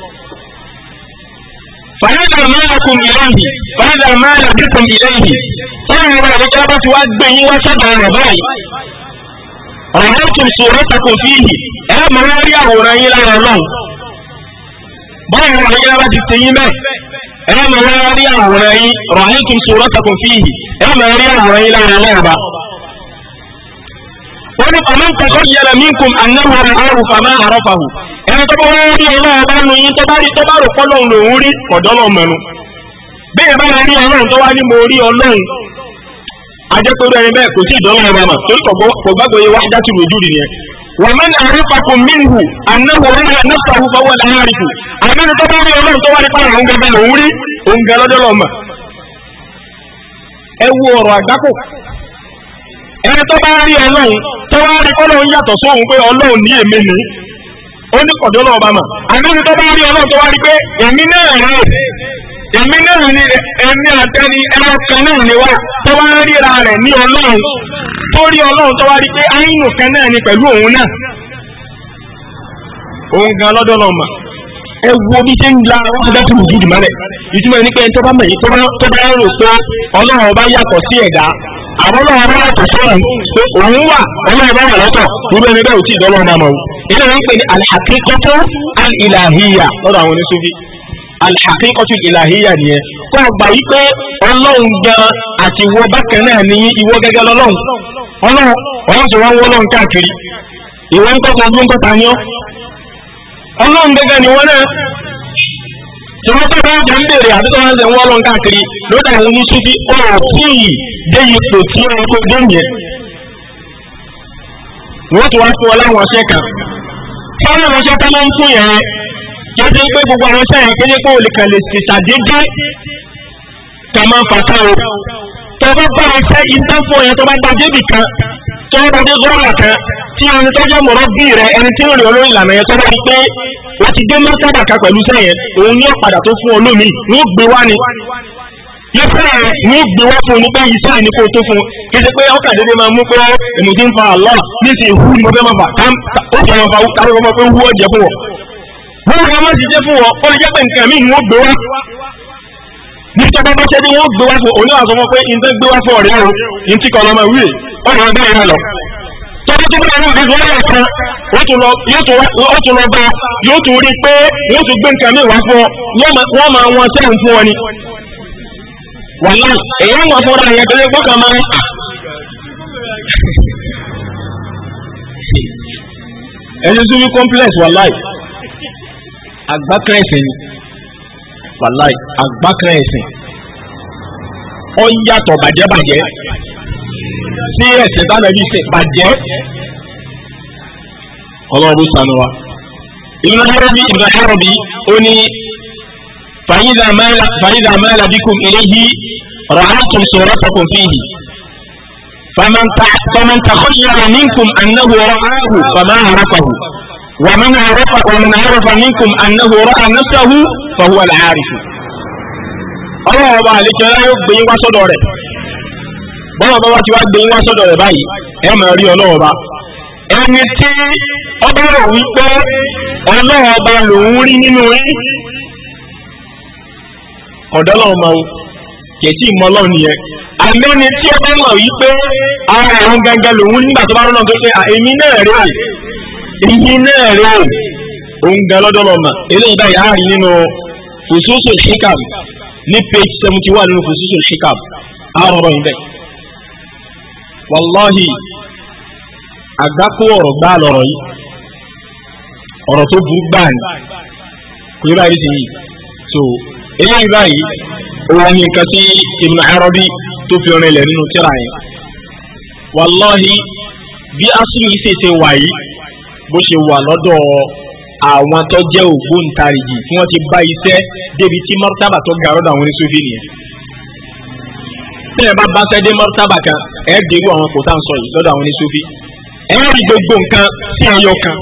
fàyàdà mẹ́lẹ̀kùn ìlẹ́yìn fàyàdà mẹ́lẹ̀kùn ìlẹ́yìn táwọn ọmọ ìlú jábá ti wá gbé yín wá sábà rẹ̀ báyìí ọ̀rọ̀ tún sọ̀rọ̀ takùn fíìhì ẹ máa rí àwòrán yín lára ọlọ́run báyìí ọmọ ìlú jábá ti ṣe yín bẹ́ẹ̀ ẹ máa rí àwòrán yín ọ̀rọ̀ tún sọ̀rọ̀ takùn fíìhì ẹ máa rí àwòrán yín lára ọlọ́run wọ́n ní ọmọ nǹkan tó yẹra minkum annahu àrùn fàmà àrọ́fàhù ẹni tó bá wọ́n rí ọlọ́run bá nu yín tó bá rí tó bá rò pọ́lọ́run lòún rí ọ̀dọ́lọ́ mẹ́nu bẹ́ẹ̀ bá rí ọlọ́run tó wá ní mo rí ọlọ́run ajẹ́pẹ̀rú ẹni bẹ́ẹ̀ kò sí ìdánwò ọba mà torí kò gbàgbọ́ yẹ wáyé dátì lójú rí yẹn. wọ́n mẹ́ni àrífàkùn mínú ẹni tó bá rí ọlọ́run tẹ́wàá rí ọlọ́run yàtọ̀ sóhun pé ọlọ́run ní èmi ni ó ní kọ̀dọ̀ ọlọ́run bá mà tó bá rí ọlọ́run tó wá rí pé èmi náà rí èmi náà ni ẹni àtẹni ẹlọ́kan náà ni wá rẹ̀ ní ọlọ́run tó rí ọlọ́run tó wá rí pé kan náà ni pẹ̀lú òun náà òun gan lọ́dọ̀ àwọn náà wọ́n yàtọ̀ sẹ́yìn pé òun wà ọlọ́run bá wà lọ́tọ̀ irú ẹni bẹ́ẹ̀ ò tí ì dọ́lọ́ ọmọ o ilé wọn ń pè ní alhakikoto alilahiya lọ́dọ̀ àwọn oníṣúfi alhakikoto alilahiya nìyẹn kó a gbà wípé ọlọ́run gan àti ìwọ bákan náà ní ìwọ gẹ́gẹ́ lọ́lọ́run ọlọ́run ọlọ́run tó wọ́n ń wọ́lọ́run káàkiri ìwọ ń kọ́kọ́ ọdún kọ́ta ni ọ́ ọlọ́run gẹ́gẹ́ ni wọ́n náà tòun tó bá jẹ́ ń bèrè àti tó ń ṣe ń wọ́lọ́ káàkiri lódà ìwọ̀n ní síbi ọ̀rọ̀ tí ì dé ipò tí ó ń kó dé yẹn. wọ́n ti wá fún ọ láwọn ọṣẹ kan fáwọn àwọn ọṣẹ táwọn ń fún yẹn jọjọ pé gbogbo àwọn ọṣẹ yẹn kéde pé olùkàn lè sì ṣàdédé kà máa fàtà o. tó bá bá ọṣẹ ìtàn fún ọ yẹn tó bá gbàdébì kan tó bá gbàdé gọ́ọ̀là kan tí ẹni tó jẹ́ mọ̀rọ́ bí rẹ ẹni tí ó rìn olórí ìlànà yẹn tó bá rí pé wọ́n ti dé mọ́tàbà kan pẹ̀lú sẹ́yìn òun ní ọ̀padà tó fún olómi ní gbé wá ni yóò fẹ́rẹ̀ ní ó gbé wá fún un ní pé iṣẹ́ ìní kó tó fún un kì í ṣe pé ọkà dédé máa mú pé èmùtí ń fa àlọ́ ní ti ìhú ni mo fẹ́ máa fà ó jẹ́ máa fa káwé máa fẹ́ wú ọ̀jẹ̀ fún wọn. wọ́n rí ọmọ ṣiṣẹ́ fún wọn ó lè jẹ́ pé nǹkan míì ni gbé wá ní tọ́gbọ́n bá ṣe bí wọ́n gbé wá fún oníwàsọ́fọ́ pé ní gbé wá fún ọ̀rẹ́ o ní tí kọ́ ọlọ́mọ wíwèé ọ̀rẹ́ yẹn lọ tó tó bá wọn ní wọ́n yẹ kan wọ́n tún lọ yóò tún lọ bá yóò tún rí pé yóò tún gbé nǹkan mi wá fún ọ wọ́n máa wọn sẹ́yìn fún ọ ni. wàhálà èyí ń wà fúnra yẹn tó lè gbọ́kàn máa ń ẹni tó ní complex wàláì agbákan ẹ̀sìn ni wàláì agbákan ẹ̀sìn ọ yàtọ̀ bàjẹ́ bàjẹ́ sí ẹ̀sìn táwọn ẹbí ṣe bàjẹ́ ọlọ́run sànù wa. ìlú hẹ́rọ̀bì ìlú hẹ́rọ̀bì ó ní fàyídà mẹ́lá bíkùn eléyìí ràhátùn sọ̀rọ̀ tọkùn fìhì. فمن تخير منكم أنه رآه فما عرفه ومن عرف ومن عرف منكم أنه رأى نفسه فهو العارف. الله أبا عليك لا يبين وصدره bọ́lá ọba wa ti wá gbé wá sọ́dọ̀ rẹ̀ báyìí ẹ máa rí ọlọ́wọ́ ọba ẹni tí ọba rò wípé ọlọ́wọ́ ọba lòún rí nínú yín ọ̀dọ́ náà o wò kẹ̀tì ìmọ̀ ọlọ́run nìyẹn àmẹ́ni tí ọba mọ̀ wípé ara ẹ̀rọ gangan lòún nígbà tó bá rọ́nà tó pé èmi náà rí o èmi náà rí o òun gan lọ́dọ̀ lọ́mà eléyìí báyìí á rí nínú fòsóòsò ṣíkàm ní page seventy one nínú fòsóòsò ṣíkàm á rọrọ yìí wàláhì àgbákò ọ̀rọ̀ gbá lọ̀rọ̀ yìí ọ̀rọ̀ tó burú gbà ní kò yẹ báyìí sèyí so eléyìí báyìí òun ni nǹkan tí Ibn Arabi tó fi ọ̀rìn ilẹ̀ nínú tírà yẹn wàláhì bí asúlù yìí ṣèṣe wà yìí bó ṣe wà lọ́dọ̀ àwọn tó jẹ́ ògbóǹtarìgì tí wọ́n ti bá iṣẹ́ débi tí mọ́tàbà tó ga lọ́dọ̀ àwọn oníṣòfin nìyẹn tí ẹ bá bá sẹ́dé mọ́tàbà kan ẹ dèrú àwọn kò tá à ń sọ yìí lọ́dọ̀ àwọn oníṣòfì ẹ rí gbogbo nǹkan sí ẹyọ kan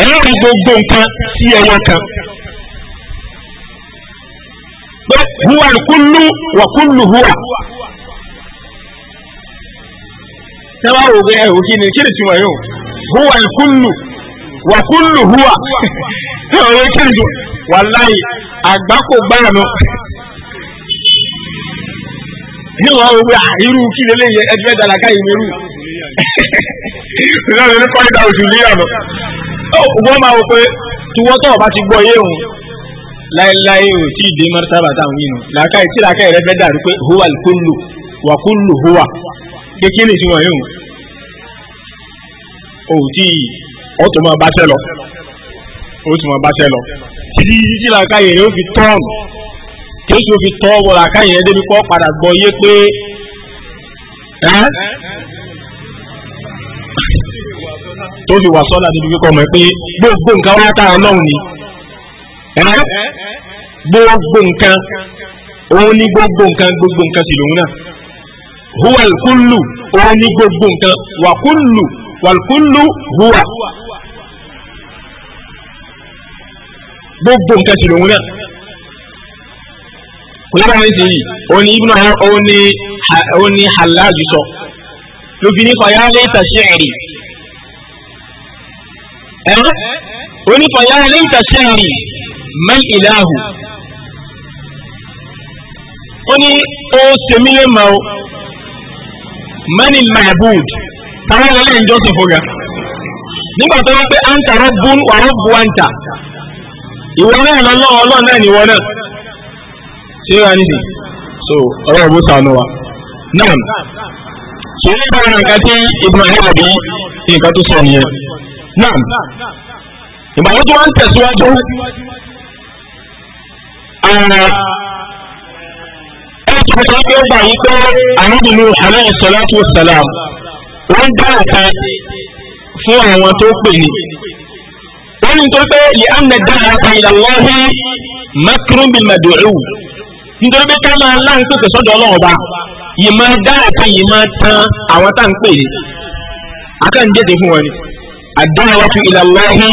ẹ rí gbogbo nǹkan sí ẹyọ kan pé huwa kúlú wà kúlú huwa tẹ́wàá wò bẹ́ẹ̀ ò kí ni kí ni tiwọn yóò huwa kúlú wà kúlú huwa ọ̀rọ̀ kí ni wàláyé àgbákò gbára náà yóò wá wọ pé ah, irú kí lè léyìn ẹgbẹ́ dàda ká ìwé rú ìlànà ní kọ́lídà oṣù níyànà wọ́n máa wọ pé tiwọ́ tó ọba ti gbọ́ yé òun láéláé ò tí ì dé mọ́tàbà táwọn yìí nù làákàyè tí làákàyè rẹ fẹ́ dàrú pé huwa kúlù wà kúlù huwa kékeré tí wọ́n yé òun ò tí ì ọ̀tọ̀ máa bá tẹ́ lọ ó sì máa bá tẹ́ lọ títí títí làákàyè rẹ ó fi tọ́ọ̀nù tí ó fi tọ́ wọ̀rọ̀ àkáyẹ̀ ẹ́ débi kọ́ padà gbọ́ yé pé ẹ́ tó fi wà sọ́lá débi kọ́ mọ̀ pé gbogbo nǹkan wáyé tá a lọ́hùn ni ẹ́ gbogbo nǹkan òun ní gbogbo nǹkan gbogbo nǹkan sì lòun náà huwa alkullu òun ní gbogbo nǹkan wà kullu walkullu huwa gbogbo nǹkan sì lòun náà kò yẹ báyìí sí yìí òun ni ibùnà òun ni aláàjù sọ lóbi ní fàyàlẹ́ ìtàṣẹ́rì ẹ́ òun ni fàyàlẹ́ ìtàṣẹ́rì man ìdáhù ó ní ó sèmi lè mọ̀ man al-ma'bud tàwọn ọlọ́lẹ́ ìjọsìn fún ga nígbà tó wọ́n pé anta rabbun wa rabbu anta ìwọ náà lọ́lọ́ ọlọ́ọ̀ náà ni wọ́n náà yíra nìyí so ọ̀rọ̀ ọ̀bọ̀ sànù wa náà kì í ní báwọn nǹkan tí Ibrahim àbí nǹkan tó sọ nìyẹn náà ìbàwọ́ tó wá ń tẹ̀síwájú ẹni tó kọ́ pé ó gbà yí pé àmúbìnú alayhi salatu wassalam wọ́n dá ọ̀kan fún àwọn tó pè ní wọ́n ní tó pé li anna ad-da'wata ila Allahi makrun bil mad'u nítorí pé ká máa láǹ pèpè sọ́dọ̀ ọlọ́ọ̀ba yìí máa dá àti yìí máa tan àwọn tá à ń pè ní. akáǹjẹ́dẹ̀ fún wọn ni ad-da'watu ila Allahi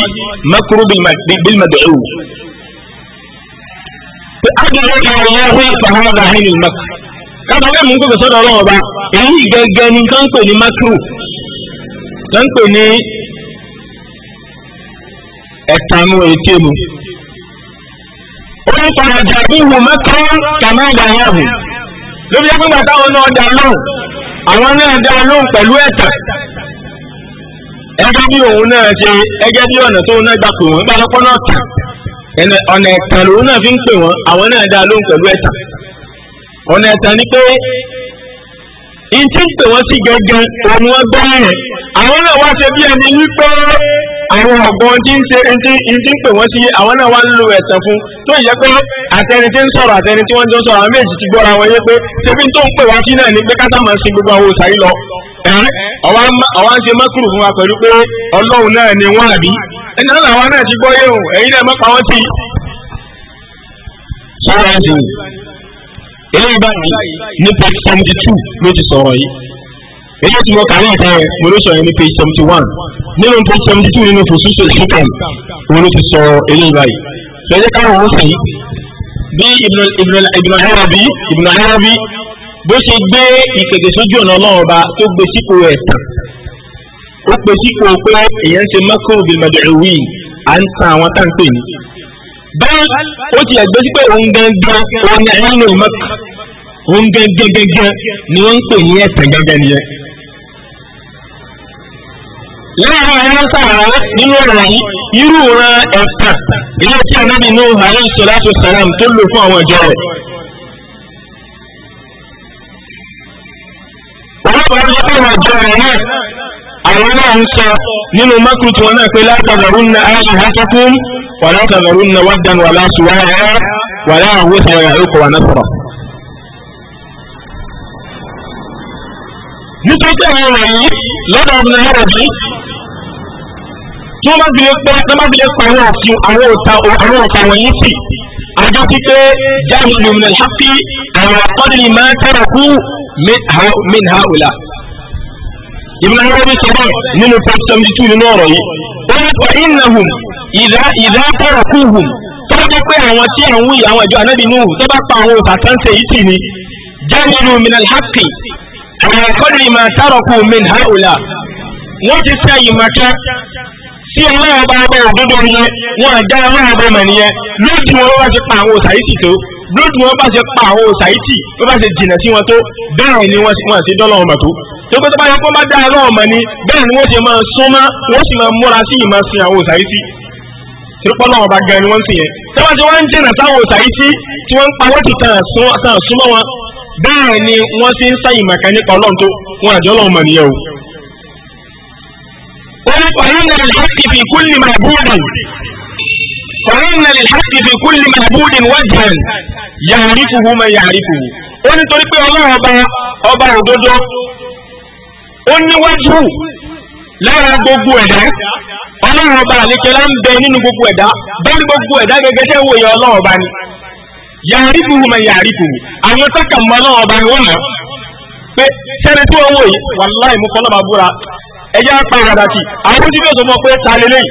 makru bil-mad'u. pé adìrẹ́ kábàá bẹ́ẹ̀ ó ní kọ́nà ọjà ìhù mẹ́kọ́ kàmá ìyàyàwó ló fi ẹgbẹ́ táwọn náà dá lóhùn àwọn náà dá lóhùn pẹ̀lú ẹ̀tàn ẹgbẹ́ bí òun náà ṣe ẹgbẹ́ bí ọ̀nà tóun náà gbà pé wọ́n gbà lọ́pọ̀ náà tàn ọ̀nà ẹ̀tàn lòun náà fi ń pè wọ́n àwọn náà dá lóhùn pẹ̀lú ẹ̀tàn ọ̀nà ẹ̀tàn ni pé ìtí ń pè wọ́n sí gẹ́gẹ́ òun wọ́n gbọ́ yẹn àwọn náà wá ṣe àwọn ọ̀gbọ́n tí ń ṣe tí ń pè wọ́n sí àwọn náà wá ń lo ẹ̀sẹ̀ fún tó yẹ pé àtẹni tí ń sọ̀rọ̀ àtẹni tí wọ́n jọ sọ̀rọ̀ àwọn méjì ti gbọ́ra wọn yé pé ṣebí tó ń pè wá sí náà ni pé káta máa ń sin gbogbo àwọn òṣàyí lọ ọwọ́ ń ṣe mọ́kùrù fún wa pẹ̀lú pé ọlọ́run náà ni wọ́n àbí ẹni náà làwọn náà ti gbọ́ yé o ẹ̀yin náà mọ́pa wọ́n ti. sọ́wọ́n ti eléyìí báyìí page seventy two ló ti sọ̀rọ̀ yìí èyí tí mo kà ní ìtàn yẹn mo ló page seventy one nínú tó seventy two nínú fòsúsù ìṣúkàn wọn ló ti sọ eléyìí báyìí lẹ́yìn káwọn ó sì bí Ibn Arabi Ibn Arabi bó ṣe gbé ìkẹ̀kẹ̀ sójú ọ̀nà ọlọ́run ọba tó gbé sípò ẹ̀ tàn ó pe sípò pé èèyàn ṣe mako bilmadẹ̀wì à ń tan àwọn táǹpé ni. bẹ́ẹ̀ ó ti ẹ̀gbẹ́ sí pé òun gangan òun ni àyànnà ìmọ̀kà òun gangan gangan ni wọ́n ń pè ní ẹ̀sẹ̀ gangan nìyẹn láàárín àwọn sàárà nínú ọ̀rọ̀ yìí irú ran ẹ̀ka ilé tí anábì nù ààrẹ ìṣọ̀láṣọ sàràm tó lò fún àwọn ìjọ rẹ̀. ọlọ́pàá ń sọ àwọn ìjọ rẹ̀ náà àwọn náà ń sọ nínú mákùrù tí wọn náà pé látàzàrú na ààyè hásákùn wà látàzàrú na wàdàn wà láṣùwà rẹ̀ wà láàwọ̀ sàrà ìkọ̀ wà náà nítorí àwọn ọ̀rọ̀ yìí lọ́dọ̀ ọ̀bùnà tí wọ́n bá fi lè pẹ́ tí wọ́n bá fi lè pa àwọn òfin àwọn ọ̀tá àwọn ọ̀tá wọ̀nyí sí àjọ pípé jáàmù lùmìnà ṣáfì àwọn àkọ́dìní máa tẹ́ra kú mìnà òlà. ìbùnà àwọn ọmọ sọ báyìí nínú pẹ́ẹ́tì seventy two nínú ọ̀rọ̀ yìí ó ní pa ìnáhùn ìdá ìdá tẹ́ra kú hùn tó pé àwọn tí àwọn wí àwọn ìjọ anábì nù tó bá pa àwọn òtà kan yìí tì tí ọlọ́run bá bá òdodo nìyẹn wọn àjá ọlọ́run bá mọ̀ nìyẹn lójú wọn bá ti pa àwọn òsàyìtì tó lójú wọn bá ti pa àwọn òsàyìtì tó bá ti jìnà sí wọn tó bẹ́ẹ̀ ni wọ́n ti dọ́lọ́ ọmọ tó tó pé tó bá yẹ kó má dá ọlọ́run mọ̀ ni bẹ́ẹ̀ ni wọ́n ti máa súnmọ́ wọ́n sì máa múra sí ìmọ̀ sin àwọn òsàyìtì tí ọlọ́run bá gan ni wọ́n ti yẹn tí wọ́n ti wọ́n ń jìnà sáwọn òsàyìtì tí wọ́n ń pa wọ́n ti kàn súnmọ́ wọn bẹ́ẹ̀ ni wọ́n ti ń sáyìn màkà nípa ọlọ́run tó wọn àjọ ọlọ́run mọ̀ nìyẹn o. وإن للحق في كل معبود وإن للحق في كل معبود وجها يعرفه من يعرفه ó ní torí pé ọlọ́run ọba ọba òdodo ó níwájú lára gbogbo ẹ̀dá ọlọ́run ọba àlekẹ́lá ń bẹ nínú gbogbo ẹ̀dá bẹ́ẹ̀ gbogbo ẹ̀dá gẹ́gẹ́ tẹ́ wò yẹ ọlọ́run ọba ni yàrí kùhù mẹ yàrí kùhù àwọn tọ́kà mọ́ ọlọ́run ọba ni wọ́n mọ̀ pé sẹ́ni tí wọ́n wò yìí wàláì mú kọ́lọ́ba búra ẹjẹ́ apá ìwàdà sí àwọn ojú tó sọ fún ọ pé ta lélẹ̀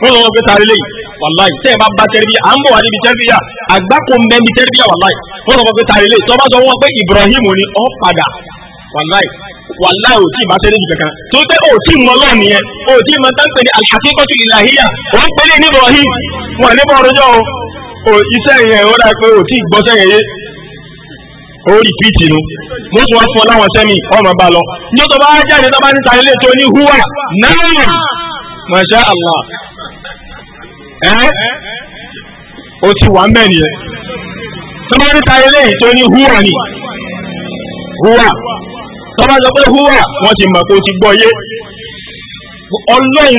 wọ́n sọ fún ọ pé ta lélẹ̀ wàláì tẹ́ ẹ bá ba tẹ́rẹ́bíyà à ń bọ̀ wá níbi tẹ́rẹ́bíyà àgbákò ń bẹ níbi tẹ́rẹ́bíyà wàláì wọ́n sọ fún ọ pé ta lélẹ̀ tọ́ bá sọ fún ọ pé Ibrahim ni ọ padà wàláì wàláì ò tí ì bá tẹ́lẹ̀ jù kankan tó pé ò tí ì mọ lọ́ọ̀ nìyẹn ò tí ì mọ táǹpẹ̀ ní alhakikatu ní Ibrahim wọn ó rí píìtì nu mo tún wá fún ọ láwọn sẹ́mi ọmọ bá lọ ní ọtọ bá jáde tó bá ní ta ilé tó ní húwà náírà masha allah ẹ o ti wà mẹ́ nìyẹn tó bá ní ta ilé tó ní húwà ni húwà tó bá sọ pé húwà wọ́n ti mọ̀ pé o ti gbọ́ yé ọlọ́run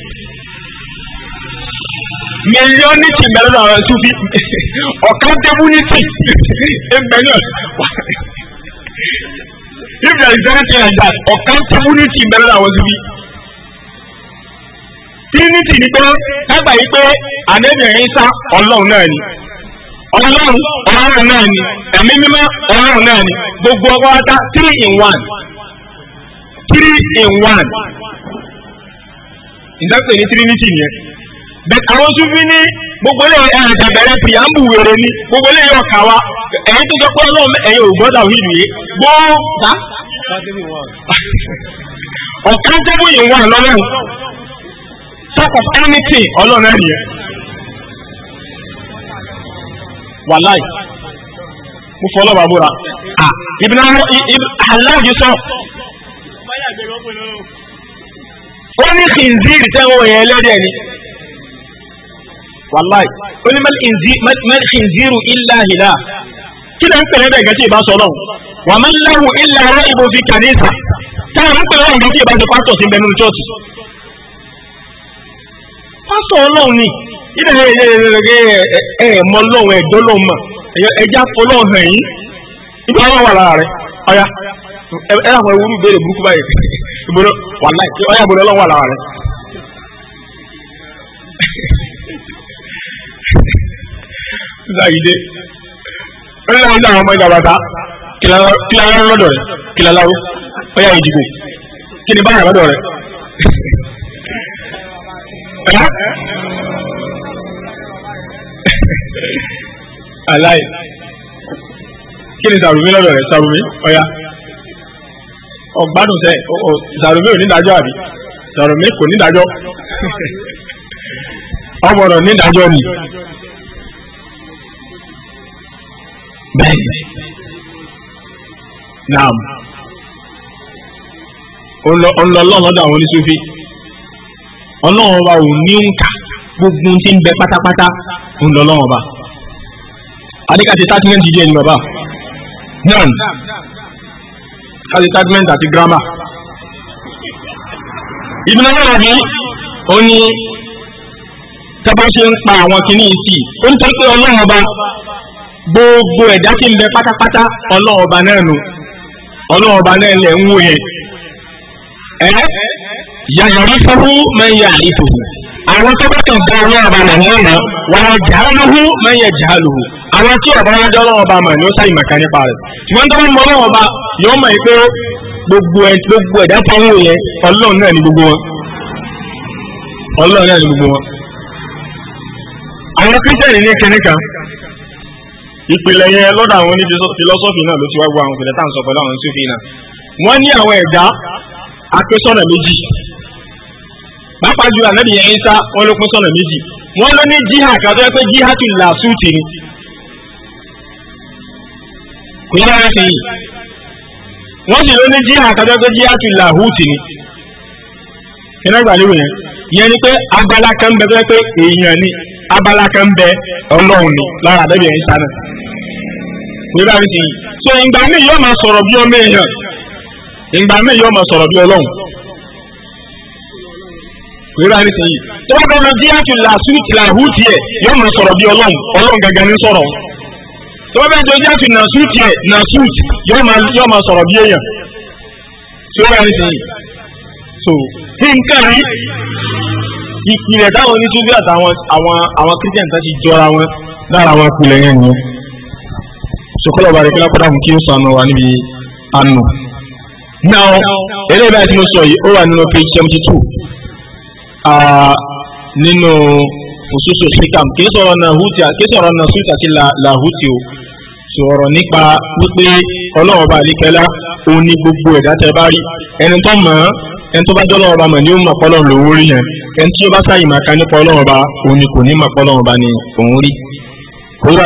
mílíọ̀nìtì mẹ́rin náà rẹ̀ túbí ọ̀kadẹ́bùnìtì ẹgbẹ̀rún if there is anything like that ọ̀kadẹ́bùnìtì mẹ́rin náà wọ́n túbí. trinity ni pé ẹgbà yìí pé àdébìnrin sá ọlọ́run náà ni ọlọ́run ọlọ́run náà ni ẹ̀mí mímọ́ ọlọ́run náà ni gbogbo ọwọ́ ata three in one three in one ìdápẹ́ ní trinity nìyẹn. bẹ́ẹ̀ àwọn sufi ní gbogbo ilé ni gbogbo ilé yóò kà wá ẹ̀yin tó sọ pé ọlọ́run ẹ̀yin ò gbọ́dọ̀ wí nìyí gbóòtá ọ̀kan tó wà lọ́wọ́ wàláì ó ní mẹ́lìkìnzírù ilá ìlà kí ló ń pè lẹ́bẹ̀ẹ́ gẹ́tì ìbá sọ lọ́wọ́ wà máa ń láwù ilá ara ìbò fi kàníìsà táwọn ń pè lọ́wọ́ gẹ́tì ìbá sọ pásítọ̀ sí bẹnu chọ́ọ̀tù. pásítọ̀ ọlọ́run ni ilé ẹ̀ ẹ̀ mọ lọ́wọ́ ẹ̀dọ́ lọ́wọ́ mà ẹ̀já fọlọ́ọ̀ yín ìgbà wọn wà lára rẹ̀ ọ̀yà ẹ̀ ẹ̀ àwọn ewúrú ìbéèrè burúkú báyìí ìbọn wàláì sísá yìí dé ó ní àwọn ọmọ ìgbà bàtà kìlà ń lọ́dọ̀ rẹ̀ kìlà láwọ́ ó yà ìdìbò kí ni báyà lọ́dọ̀ rẹ̀ aláì kí ni sàrùmí lọ́dọ̀ rẹ̀ sàrùmí ọ̀yà ọ̀gbádùn sẹ́ sàrùmí ò nídàájọ́ àbí sàrùmí kò nídàájọ́ ọmọ ọ̀rọ̀ nídàájọ́ ni. bẹ́ẹ̀ na ọlọ́lọ́lọ́dọ̀ àwọn oníṣòfì ọlọ́run ọba ò gbogbo pátápátá ni bàbá náà káti tátímẹ́ǹtì àti gírámà ìbí náà náà bí ó ní tẹ́bọ́ ṣe ń pa gbogbo ẹ̀dá tí ń bẹ pátápátá ọlọ́ọ̀ba náà nù ọlọ́ọ̀ba náà lẹ̀ ń wò yẹn. ẹ yàyàrí fúnfún máa ń yà àlejò àwọn tó bá bá náà wọn jà á lóhùn máa ń yẹ jà á lóhùn àwọn tí wọn ọlọ́ọ̀ba ní ó sáyìn màkà nípa rẹ̀ ṣùgbọ́n tó bá mọ ọlọ́ọ̀ba mọ̀ pé gbogbo ọlọ́ọ̀ náà ni gbogbo wọn ọlọ́ọ̀ náà ni gbogbo wọn. àwọn ìpìlẹ̀ yẹn lọ́dọ̀ àwọn oní fìlọ́sọ́fì náà ló ti wá gbọ́ àwọn ìpìlẹ̀ tá à ń sọ pẹ̀lú àwọn Sufi náà wọ́n ní àwọn ẹ̀dá apẹ́sọ̀nà méjì pápá ju ànábì yẹn Ìsá wọn ló pín sọ̀nà méjì wọ́n ló ní jíhà kan tó yẹ pé jíhà tún là súùtì ni kò yẹ lára ṣe wọ́n sì ló ní jíhà kan tó jíhà tún là húùtì ni kí gbà lérò yẹn ìyẹn ni pé abala kan bẹ tó yẹ pé èèyàn ni abala kan bẹ ọlọ́run ni lára ànábì yẹn nígbà tí yìí so ìgbà míì yóò máa sọ̀rọ̀ bí ọmọ èèyàn ìgbà míì yóò máa sọ̀rọ̀ bí ọlọ́run nígbà tí yìí tó bá bẹ́ẹ̀ lọ bí àti làásùtì làhùtì ẹ̀ yóò máa sọ̀rọ̀ bí ọlọ́run ọlọ́run gangan ní sọ̀rọ̀ tó bá bẹ́ẹ̀ lọ bí àti nàásùtì ẹ̀ nàásùtì yóò máa sọ̀rọ̀ bí èèyàn nígbà tí yìí so kí n kàn yí ìpìlẹ̀ táwọn onítúbí àtàwọn àwọn àwọn kírísítẹ̀ǹtà ti jọra wọn lára wọn kulẹ̀ yẹn nìyẹn. Sokola ọba rẹ kí lápá dàkún kí ó sànù wa níbi àánú. now eléyìí báyìí tí mo sọ yìí ó wà nínú page seventy two nínú òṣìṣẹ́ sikam kì í sọ̀rọ̀ náà hùtì kì í sọ̀rọ̀ náà sùtà sí làhùtì o sọ̀rọ̀ nípa wípé ọlọ́run ọba àlíkẹ́lá ó ní gbogbo ẹ̀dá tẹ bá rí ẹni tó mọ̀ ọ́n ẹni tó bá jọ́ lọ́wọ́ ọba mọ̀ ní ó mọ̀ pọ́lọ́ lòún rí yẹn ẹni tí ó bá sáyìn màkà nípa ọlọ́run ọba òun ni kò ní mọ̀ pọ́lọ́run ọba ni òun rí kò rí bá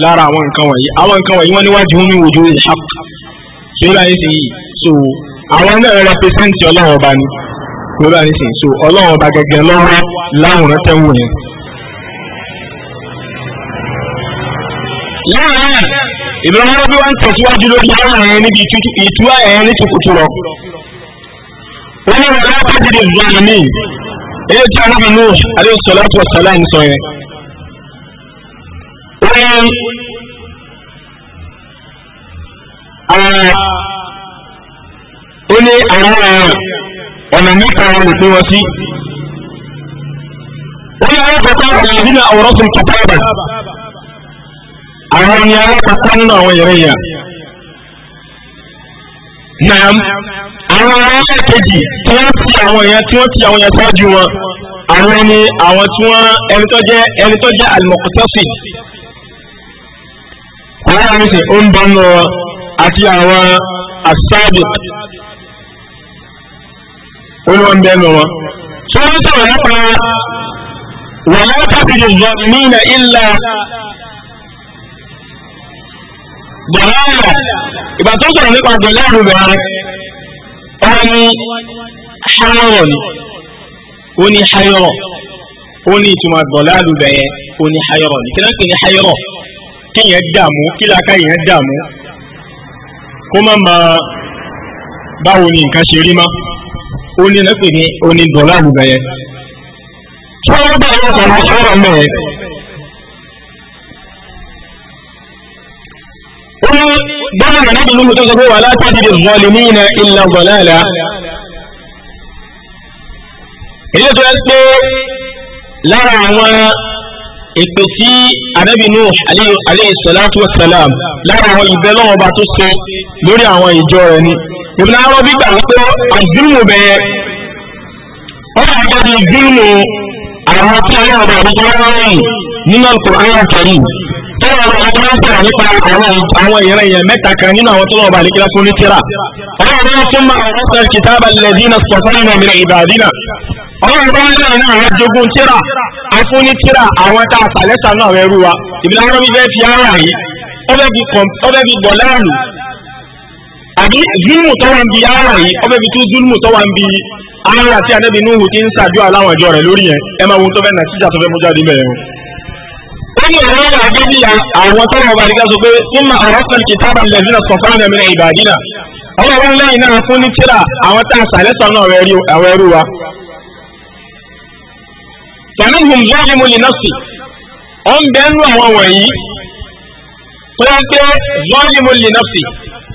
lára àwọn nǹkan wọ̀nyí àwọn nǹkan wọ̀nyí wọ́n níwájú omi wojú ìṣàp ṣéwúrà yìí sìn yìí so àwọn náà rẹpẹsẹ́ǹtì ọlọ́run ọba ni ṣéwúrà yìí sìn so ọlọ́run ọba gẹ́gẹ́ lọ́wọ́ láwùrán tẹ́wù yẹn. láàárín ìbílẹ̀ wọn bí wọ́n tẹ̀síwájú lórí láwùrán yẹn níbi ìtú àyẹ̀yẹ́ ní tukutu lọ. wọ́n ní wọn lápá Ah. ó ní àwọn ọ̀ràn ọ̀nà mẹ́ta wọn lè pé wọn sí. ó ní alákọ̀ọ́kọ́ àwọn ìdílé àwòrán tó ń tọ́pọ̀ ẹ̀bà àwọn ni alákọ̀ọ́kọ́ nínú àwọn ìrìn yà. Nàám àwọn alákejì tí wọ́n ti àwọn èèyàn tí wọ́n ti àwọn èèyàn tọ́jú wọn àwọn ni àwọn tí wọ́n ẹni tó jẹ́ ẹni tó jẹ́ àlùmọ̀kọ́tọ́sì ara mi sì ó ń bá lọ àti àwọn asáàbì olùwọ̀n bẹ́ẹ̀ lọ wọn. tí wọ́n sọ̀rọ̀ nípa wọ́n máa kábíyè zọ́ọ̀mìnà ìlà dọ̀láàlà ìgbà tó sọ̀rọ̀ nípa dọ̀láàlù bẹ̀rẹ̀ wọ́n ní ṣáyọ̀rọ̀ ni ó ní ṣáyọ̀rọ̀ ó ní ìtumọ̀ dọ̀láàlù bẹ̀rẹ̀ ó ní ṣáyọ̀rọ̀ ni kí ló ń ní ṣáyọ̀rọ̀ kéèyàn dààmú kí làákà yẹn dààmú kó má ma báwo ni nǹkan ṣe rí mọ́ ó ní lẹ́pẹ̀ ní oní dọ̀là àlùbẹ̀ yẹn. tí wọ́n bá yọ ọ̀sán ọ̀sán ọ̀rọ̀ mẹ́rẹ̀. ó ní dọ́là nàbí nínú tó sọ pé wà látàdí di zalimina illa dalala. èyí tó yẹ pé lára àwọn ìpè tí Ànábì Nuh alayhi salatu wa salam lára àwọn ìbẹ́ lọ́wọ́ bá tó ṣe lórí àwọn ìjọ rẹ̀ ni Ibn Arabi gbà wípé àjùmù bẹ̀yẹ wọ́n máa bá di jùmù àwọn tí ọlọ́run bá àdúgbò lọ́wọ́rìn nínú Al-Qur'an Al-Karim tọ́lá ọ̀rọ̀ ọ̀rọ̀ ń sọ̀rọ̀ nípa àwọn ìran èèyàn mẹ́ta kan nínú àwọn tọ́lọ̀ bá àdúgbò lọ́wọ́ ọlọ́run bá wọn náà náà jogún tíra afúnni tíra àwọn tá a sàlẹ́sà náà rẹ̀ rú wa ìbílẹ̀ fi bi bi ara àti nuhu ti ń rẹ̀ lórí yẹn ẹ máa wo tó fẹ́ nà síjà tó fẹ́ mú jáde bẹ́ẹ̀ o. ó ní ọ̀rọ̀ àwọn tó sọ pé ọ̀rọ̀ tábà lẹ̀ nínú ọlọ́run lẹ́yìn náà fún ní tíra àwọn wàmínhùn zọ́ọ̀lìmù lè nọ́ọ̀sì ó ń bẹ́ẹ̀ nú àwọn wọ̀nyí tó yẹ pé zọ́ọ̀lìmù lè nọ́ọ̀sì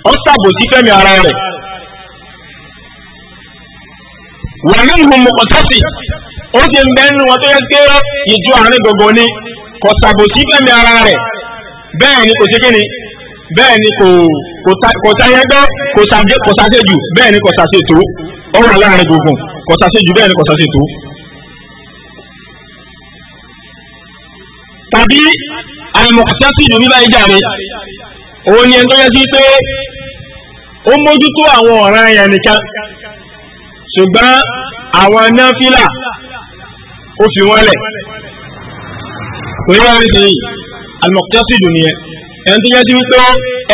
ó ṣàbòsí fẹ́mi ara rẹ̀ wàmínhùn mọ̀kọ́tọ́sì ó ti ń bẹ́ẹ̀ nú wọn tó yẹ pé ìjọ àárín gbogbo ni kò ṣàbòsí fẹ́mi ara rẹ̀ bẹ́ẹ̀ ni kò ṣe kí ni bẹ́ẹ̀ ni kò sáyẹ́gbẹ́ kò sàṣejù bẹ́ẹ̀ ni kò sàṣètò ọ̀rọ̀ láàrin gbogbo kò sàṣejù bẹ́ẹ̀ ni kò sàṣètò. tàbí àìmọ̀kọ̀tẹ́sì ìlú bíbá ìjà rẹ̀ òun ni ẹni tó yẹ sí pé ó mójútó àwọn ọ̀ràn ẹ̀yàn nìkan ṣùgbọ́n àwọn náfìlà ó fi wọ́n lẹ̀ kò ní wọ́n rí sí àìmọ̀kọ̀tẹ́sì ìlú nìyẹn ẹni tó yẹ sí wípé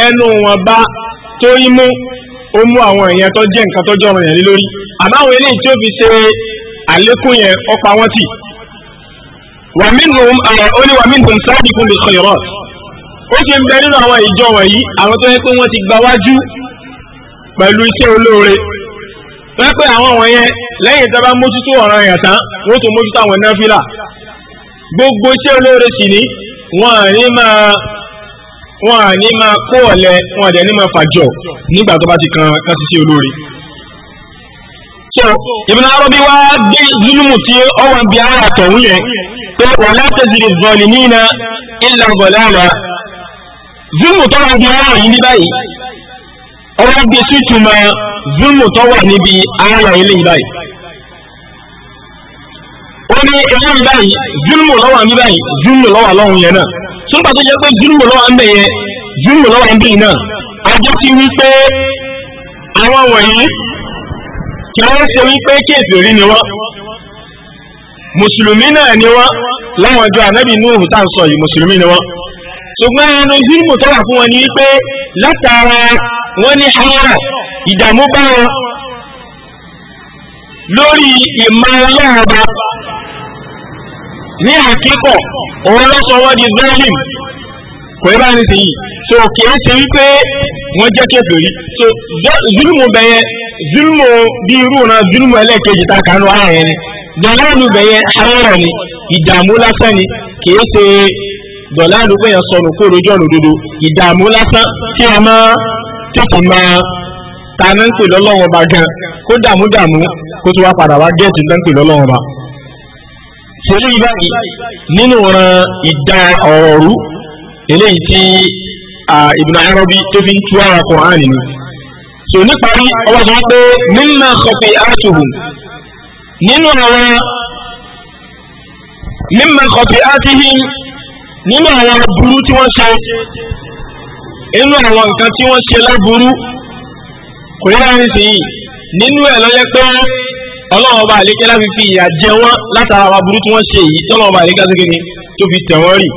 ẹnu wọn bá tó yí mú ó mú àwọn èèyàn tó jẹ́ nǹkan tó jọ ọ̀ràn yẹn lórí àbáwọn eléyìí tí fi ṣe àlékún yẹn ọ̀pá wọn tì wà minhum ó ní wà minhum sabiqun bil khayrat ó ṣe ń bẹ nínú àwọn ìjọ wọ̀nyí àwọn tó yẹ pé wọ́n ti gba wájú pẹ̀lú iṣẹ́ olóore tó yẹ pé àwọn wọ̀nyẹn lẹ́yìn tó bá mójútó ọ̀ràn èèyàn tán wọ́n tún mójútó àwọn náfìlà gbogbo iṣẹ́ olóore sì ní wọ́n à ní máa wọ́n à ní máa kó ọ̀lẹ wọ́n à dẹ̀ ní máa fàjọ nígbà tó bá ti kan kan ṣiṣẹ́ olóore. so Ibn Arabi wá dé zulumu tí ọwọ́ ń ara àtọ̀hún yẹn pé wọ́n látẹ̀sílẹ̀ bọ̀ọ̀lì ní iná ilẹ̀ bọ̀ọ̀lì àmà zulmù tó wà ní ọ̀rọ̀ yìí ní báyìí ọwọ́ gbé sí ìtumọ̀ zulmù tó wà níbi ayọ̀ ilé yìí báyìí ó ní ẹ̀rọ báyìí zulmù lọ́wọ́ ní báyìí zulmù lọ́wọ́ lọ́hùn yẹn náà sọ́gbà tó jẹ́ pé zulmù lọ́wọ́ ń bẹ̀ yẹn zulmù lọ́wọ́ ń bẹ̀ yìí náà ajọ́ ti wí pé àwọn wọ̀nyí kí wọ́n ṣe wí pé kéèfì rí ni wọ́n mùsùlùmí náà ni wọ́n láwọn ọjọ́ ànábì Nuhu tá à ń sọ yìí mùsùlùmí ni wọ́n ṣùgbọ́n ẹnu hílmù tó wà fún wọn ni wípé látara wọn ní hàrà ìdààmú bá wọn lórí ìmọ̀ ọlọ́ọ̀ba ní àkíkọ̀ òun ló sọ wọ́n di zalim kò ẹ bá ní sèyí so kì í ṣe wípé wọ́n jẹ́ kébèrè so zulumu bẹ̀yẹ zulumu bí irú náà zulumu ẹlẹ́ẹ̀kejì tá a kà ń lọ ààrẹ ni dọ̀láàlù bẹ̀yẹ harọ́rọ̀ ni ìdààmú lásán ni kìí ṣe dọ̀láàlù bẹ̀yẹ sọ̀rọ̀ kó rojọ́ òdodo ìdààmú lásán tí a máa tètè máa ta ní ń pè lọ́lọ́wọ́ ba gan kó dààmú dààmú kó tó wá padà wá gẹ́ẹ̀tì ní ń pè lọ́lọ́wọ́ ba. ṣèlú yìí báyìí nínú ran ìdá ọ̀rú eléyìí tí Ibn Arabi tó fi ń tú àwọn Kùránì ni. tò níparí ọwọ́ sọ nínú àwọn mímọ kọ̀pì átìhì nínú àwọn burú tí wọ́n ṣe inú àwọn nǹkan tí wọ́n ṣe láburú kò yára ní sèyí nínú ẹ̀ lọ́yẹ́ pé ọlọ́run ọba àlékẹ́ láti fi ìyà jẹ wọ́n látara àwọn burú tí wọ́n ṣe yìí tọ́lọ́run ọba àlékẹ́ láti kéde tó fi tẹ̀ wọ́n rì.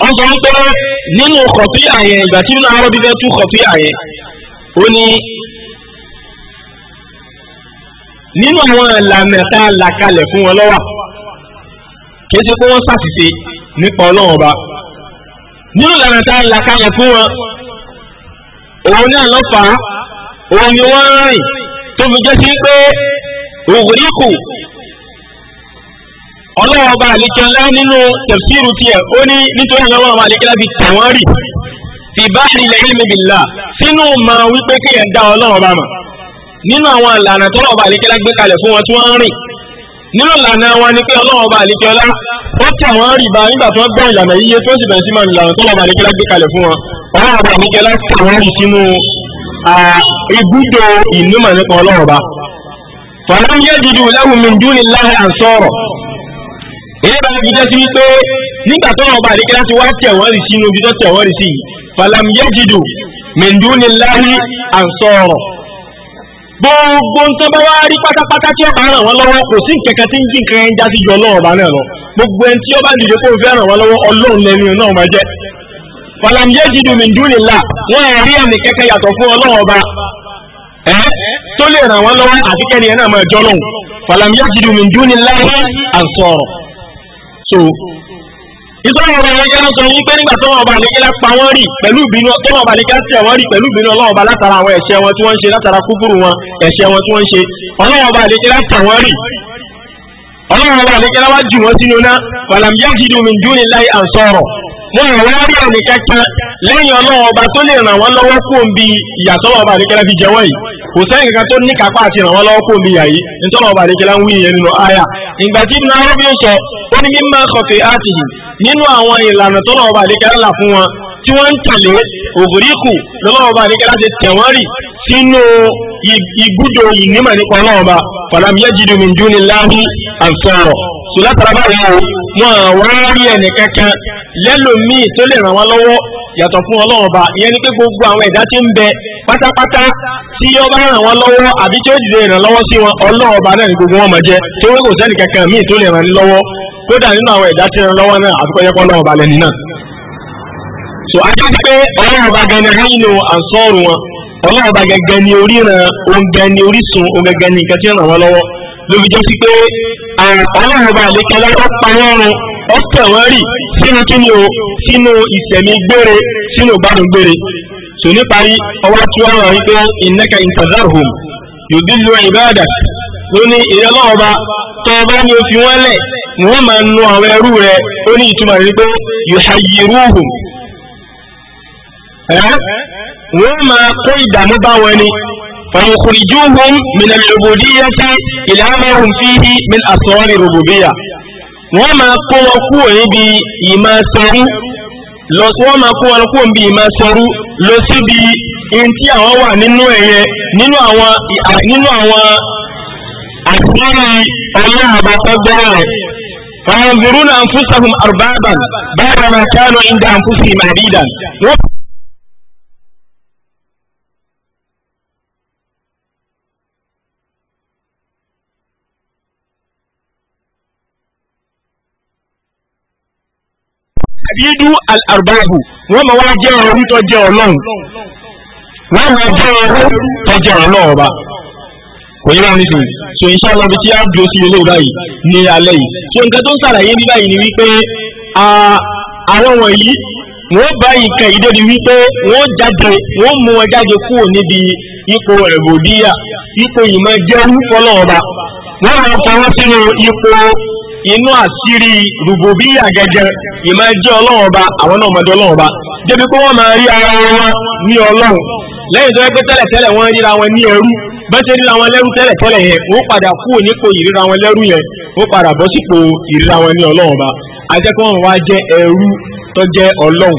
wọ́n sọ wípé nínú kọ̀pì àyẹ̀ ìgbà tí nínú àwọn ọbí fẹ́ tú kọ̀pì àyẹ̀ ó ní nínú àwọn ìlànà tá a là kalẹ̀ fún wọn lọ́wọ́ kìí ṣe pé wọ́n ṣàṣìṣe nípa ọlọ́run ọba nínú ìlànà tá a là kalẹ̀ fún wọn òun náà lọ́fàá òun ni wọ́n ń rìn tó fi jẹ́ sí pé òwúríkù ọlọ́run ọba àlekẹ́lá nínú tẹ̀síìrù tiẹ̀ ó ní nítorí ọlọ́run ọba àlekẹ́lá fi tẹ̀ wọ́n rì ìbáàrí ilẹ̀ ilmi billah sínú ma wípé kéèyàn dá ọlọ́run ọba mọ̀ nínú àwọn ìlànà tó lọ́wọ́ bá àlékẹ́lá gbé kalẹ̀ fún wọn tí wọ́n ń rìn nínú ìlànà wọn ni pé ọlọ́wọ́ bá àlékẹ́lá ó tà wọ́n rì bá nígbà tó gbọ́ ìlànà yíyé tó sì bẹ̀rẹ̀ sí máa ìlànà tó lọ́wọ́ bá àlékẹ́lá gbé kalẹ̀ fún wọn ọlọ́wọ́ bá àlékẹ́lá tà wọ́n rì sínú ibùdó ìnímọ̀ nípa ọlọ́wọ́ bá fọlọ́n yẹ́ dídú lẹ́hùn mi dún ní láhẹ́ à ń sọ̀rọ̀ èyí gbogbo nǹkan bá wá rí pátápátá tí ó bá ràn wọ́n lọ́wọ́ kò sí nǹkan kan tí ń jí nǹkan ẹja sí ju ọlọ́run ọba náà lọ gbogbo ẹni tí ó dìde kó o fẹ́ ràn wọ́n lọ́wọ́ ọlọ́run lẹ́ni náà máa jẹ́. falam yajidu min dunillah wọn à rí ẹnì kẹkẹ yàtọ̀ fún ọlọ́run ọba ẹ tó lè ràn wọ́n lọ́wọ́ àti kẹ́ni ẹ̀ náà máa jọ́ lọ́hùn falam yajidu min dunillah ansara so ìtọ́nà ọba àlejò náà sọ pé nígbà tó wọn ọba àlejò pa wọ́n rì pẹ̀lú ìbínú tó wọn ọba àlejò náà tẹ̀ wọ́n pẹ̀lú ìbínú ọlọ́wọ́ ọba látara àwọn ẹ̀ṣẹ̀ wọn tí wọ́n ń ṣe látara kúfúrú wọn ẹ̀ṣẹ̀ wọn tí wọ́n ń ṣe ọlọ́wọ́ ọba àlejò náà wọ́n rì ọlọ́wọ́ ọba àlejò wá jù wọ́n sínú ná wàlàmíyàjìdù kò sẹ́yìn kankan tó ní kápá àti ràn lọ́wọ́ kó ń bi nítorí ọba àdékẹ́lá ń wí ìyẹn nínú àyà ìgbà tí ibùdó arábìnrin sọ ó ní mímọ́ kọfí áàtì nínú àwọn ìlànà tó lọ́wọ́ bá àdékẹ́ ńlá fún wọn tí wọ́n ń tẹ̀lé ògùríkù lọ́wọ́ bá àdékẹ́ láti tẹ̀wọ́n rì sínú ìgúdò ìnímọ̀ nípa ọlọ́wọ́ bá pàlàmìyẹ́ jìdù min dunillahi ansara sùlátara báyìí o wọn wọ́n rí ẹnì kankan lẹ́lòmíì tó lè ràn wọ́n lọ́wọ́ yàtọ̀ fún ọlọ́wọ́ bá ìyẹn ni pé gbogbo àwọn ẹ̀dá tí ń bẹ pátápátá tí ó bá ràn wọ́n lọ́wọ́ àbí tí ó dìde ìrànlọ́wọ́ sí wọn ọlọ́wọ́ bá náà ní gbogbo wọn mọ̀ jẹ́ torí kò sẹ́nì kankan míì tó lè ràn ní lọ́wọ́ kódà nínú àwọn ẹ̀dá tí ń lọ́wọ́ náà àfikọ́ yẹ kọ́ lọ́wọ́ balẹ̀ nínà. so ajá ti pé ọlọ́run ọba gẹ́gẹ́ ní inú ànsọ́ọ̀rù wọn ọlọ́run ọba gẹ́gẹ́ ní oríran oúnjẹ ní orísun oúnjẹ ní nǹkan tí ń ràn wọ́n lọ́wọ́ ló fi jẹ́ sí pé ọlọ́run ọba àlékẹ́ lọ́wọ́ pàrọ̀rùn ọ̀tẹ̀ wọn rì sínú kíni o sínú ìsẹ̀mí gbére sínú ìgbádùn gbére so níparí ọwọ́ tí wọ́n rán wípé innaka intazarhum yudillu ibadak lóní ìyẹn ọlọ́run ọba tọ́ ọba ni o fi wọ́n lẹ̀ wọ́n máa nu àwọn ẹrú rẹ̀ ó ní ìtumọ̀ rẹ̀ pé yuhayiruhum wọ́n máa kó ìdààmú bá wọn ni fàmùkùrìjúhùn min al-ubudiyyati ila ma hum fihi min asrar rububiyya wọ́n máa kó wọn kúrò níbi ìmọ̀ sẹ́rú lọ wọ́n máa kó wọn kúrò níbi ìmọ̀ sẹ́rú lọ síbi ntí àwọn wà nínú ẹ̀yẹ nínú àwọn nínú àwọn àṣírí ọlọ́run àbátọ́gbẹ́rẹ́ فينظرون أنفسهم أربابا بعدما كانوا عند أنفسهم عبيدا àbídú al'arbahu وما ma wá jẹ́ ọrú tó jẹ́ ọlọ́run wọ́n ma jẹ́ ọrú tó jẹ́ ọba kò yíra nìkan so inshallah bí tí a dúró sí ilé báyìí ní alẹ́ yìí so nǹkan tó ń ṣàlàyé ní báyìí ni wípé àwọn wọ̀nyí wọ́n bá nǹkan yìí débi wípé wọ́n jáde wọ́n mú wọn jáde kúrò níbi ipò ẹ̀rọ̀bòdíyà ipò ìmọ̀ jẹ́ orúkọ lọ́ọ̀ba wọ́n máa fọ wọ́n sínú ipò inú àṣírí rùbòbíyà gẹ́gẹ́ ìmọ̀ jẹ́ ọlọ́ọ̀ba àwọn náà mọ̀jọ ọlọ́ọ̀ba débi pé wọ́n máa rí ara wọn ní ọlọ́run lẹ́yìn tó yẹ pé tẹ́lẹ̀tẹ́lẹ̀ wọ́n ríra wọn ní ẹrú bẹ́sẹ̀ ríra wọn lẹ́rú tẹ́lẹ̀ tẹ́lẹ̀ yẹn ó padà kúrò nípò ìríra wọn lẹ́rú yẹn ó padà bọ́ sípò ìríra wọn ní ọlọ́run ba ajẹ́kọ̀ọ́ wa jẹ́ ẹrú tó jẹ́ ọlọ́run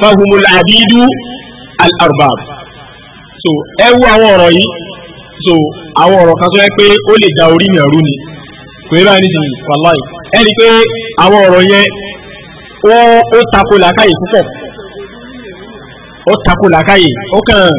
fahumul abidu al-arbab so ẹ wú àwọn ọ̀rọ̀ yìí so àwọn ọ̀rọ̀ kan tó yẹ pé ó lè da orí yàn rú ni kò ní báyìí nísìnyí wàláì ẹni pé àwọn ọ̀rọ̀ yẹn ó tako làákàyè púpọ̀ ó tako làákàyè ó kàn án.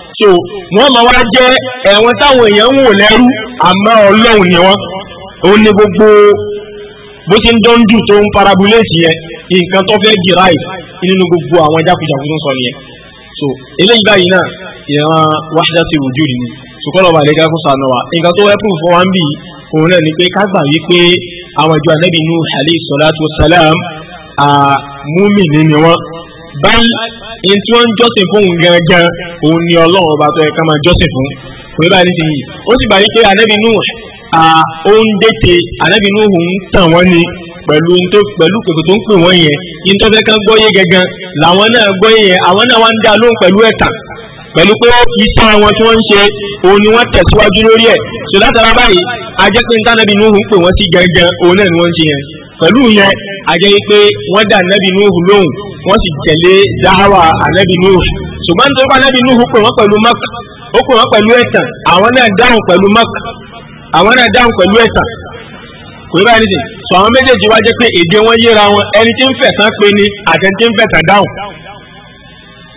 so wọ́n ma wá jẹ́ ẹ̀wọ̀n táwọn èèyàn ń wò lẹ́rú àmọ́ ọlọ́run ni wọ́n òun ni gbogbo bó ti ń dọ́ńdù tó ń parabuléèsì yẹn nǹkan tó fẹ́ gírà yìí nínú gbogbo àwọn jákujàku tó ń sọ nìyẹn so eléyìí báyìí náà ìran wáṣídá ti rùjú ni sùkọ́lọ̀ ọba àlẹ́ gákó sànù wa nǹkan tó wẹ́pù fún wa ń bì òun náà ni pé ká gbà wípé àwọn ìjọ anábì Nuh alayhi salatu wassalam múmi ni ni wọ́n báyìí ní tí wọ́n ń jọ́sìn fún òun gangan òun ni ọlọ́run ọba tó yẹ ká máa jọ́sìn fún òun bá ní ti yìí ó sì gbà yí pé ànábì nù ó ń dètè ànábì nù òun tàn wọ́n ni pẹ̀lú tó pẹ̀lú kòtò tó ń pè wọ́n yẹn yín tó fẹ́ ká gbọ́ yé gangan làwọn náà gbọ́ yé yẹn àwọn náà wá dá lóhùn pẹ̀lú ẹ̀tà pẹ̀lú pé iṣẹ́ wọn tí wọ́n ń ṣe òun ni wọ́n tẹ̀síwájú lórí ẹ̀ sọ̀dá tara báyìí ajẹ́pẹ́ nù òun pè wọ́n sí gangan òun náà ni wọ́n ń ṣe yẹn pẹ̀lú yẹn àjẹ́ pé wọ́n dá ànábì Nuhu lóhùn wọ́n sì tẹ̀lé dáhàwà ànábì Nuhu ṣùgbọ́n nítorí pé ànábì Nuhu pè wọ́n pẹ̀lú Mákà ó pè wọ́n pẹ̀lú ẹ̀tàn àwọn náà dáhùn pẹ̀lú Mákà àwọn náà dáhùn pẹ̀lú ẹ̀tàn kò yẹ báyìí nìyí sọ àwọn méjèèjì wá jẹ́ pé èdè wọn yéra wọn ẹni tí ń fẹ̀sán pé ni àti ẹni tí ń fẹ̀sán dáhùn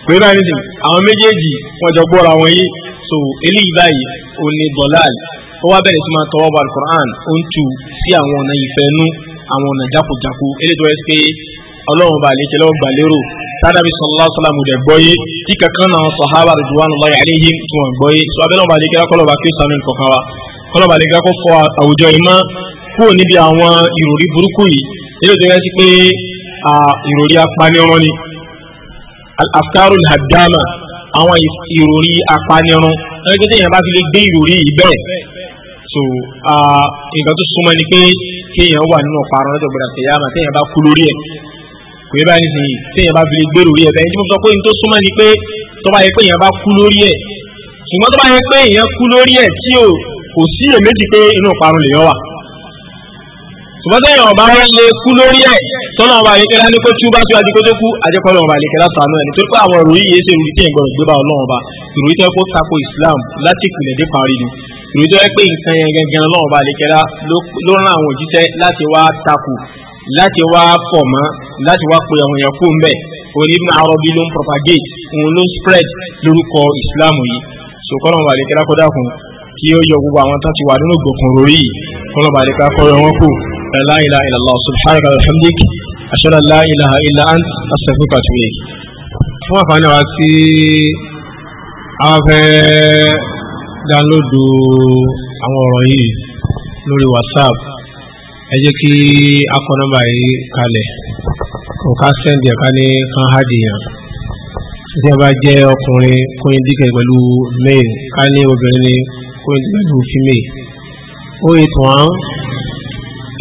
kò yẹ báyìí nìyí àwọn méjèèjì wọn jọ gbọ́ra wọn yìí so eléyìí báyìí ò ní dọ̀láàlì ó wá bẹ̀rẹ̀ sí máa tọwọ́ bá alukur'an ó ń tu sí àwọn ọ̀nà ìfẹ́ nú àwọn ọ̀nà jákujàku eléyìí tó yẹ pé ọlọ́run bá lè kẹlẹ́ ọgbà lérò tádàbí sallallahu sálàmù dẹ̀ gbọ́yé tí kankan náà sọ̀hábà ridwanullahi alaihim tí wọ́n gbọ́yé sọ abẹ́lẹ́ ọba lè kẹlẹ́ kọ́lọ́ba kí sàmì kọ̀ọ̀kan wa kọ́lọ́ba lè kẹ́kọ̀ọ́ fọ àwùjọ ìmọ̀ kúrò níbi àwọn ìròrí burúkú yìí eléyìí tó yẹ pé ìròrí apanirun ni al-afkaru al-haddama àwọn so nǹkan tó súnmọ́ ni kéèyàn wà nínú ọ̀parun lọ́jọ́ gbọ́dọ̀ tẹ̀yàmà téèyàn bá kú lórí ẹ̀ kò yẹ báyìí nìyí téèyàn bá fi lè gbèrò rí ẹ̀ bẹ́ẹ̀ ni mo sọ pé n tó súnmọ́ ni pé tó bá yẹ pé èèyàn bá kú lórí ẹ̀ ṣùgbọ́n tó bá yẹ pé èèyàn kú lórí ẹ̀ tí ò kò sí èméjì pé inú ọ̀parun lèèyàn wà ṣùgbọ́n téèyàn ọba wọn lè kú lórí ẹ̀ tọ́nà ọba àlekẹ́ lá ní kó tí ó bá tó adé tó kú àjẹkọ́lẹ̀ ọba àlekẹ́ lá sànú ẹ̀ nítorí pé àwọn ìròyìn yìí ṣe ìròyìn tí èèyàn gbọ́dọ̀ gbé bá ọlọ́run ọba ìròyìn tẹ́ kó tako Islam láti ìpìlẹ̀ dé parí ni ìwé tó yẹ pé nǹkan yẹn gangan lọ́wọ́ bá lékẹ́lá ló rán àwọn òjíṣẹ́ láti wá takò láti wá pọ̀ mọ́ láti wá pe àwọn èèyàn kú mbẹ́ òní Ibn Arabi ló ń propagate òun ló ń spread lórúkọ Islam yìí sòkòrò bá lékẹ́lá kó dákun kí ó yọ gbogbo àwọn tó ti wà nínú gbòkun lórí yìí kọ́nà bá lékẹ́lá kọ́ yọ wọn kù la ilaha illallah wa hamdik ashhadu an la ant astaghfiruka wa fún àǹfààní wa tí a fẹ́ dánlódù àwọn ọ̀rọ̀ yìí lórí whatsapp ẹ jẹ́ kí akọ́nọ́mbà yìí kalẹ̀ kò ká sẹ́ndì ẹ̀ka ní kan hádìyàn tí a bá jẹ́ ọkùnrin kó yín díkẹ̀ pẹ̀lú mail ká ní obìnrin ni kó yín díkẹ̀ pẹ̀lú female o eight one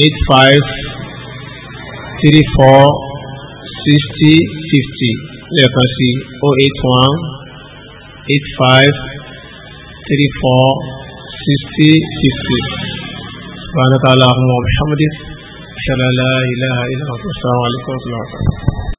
eight five three four sixty fifty lẹ́ẹ̀kan sí o eight one eight five three four sixty sixty subhanaka allahumma wa bihamdik shalala ilaha illa anta astaghfiruka wa atubu ilayk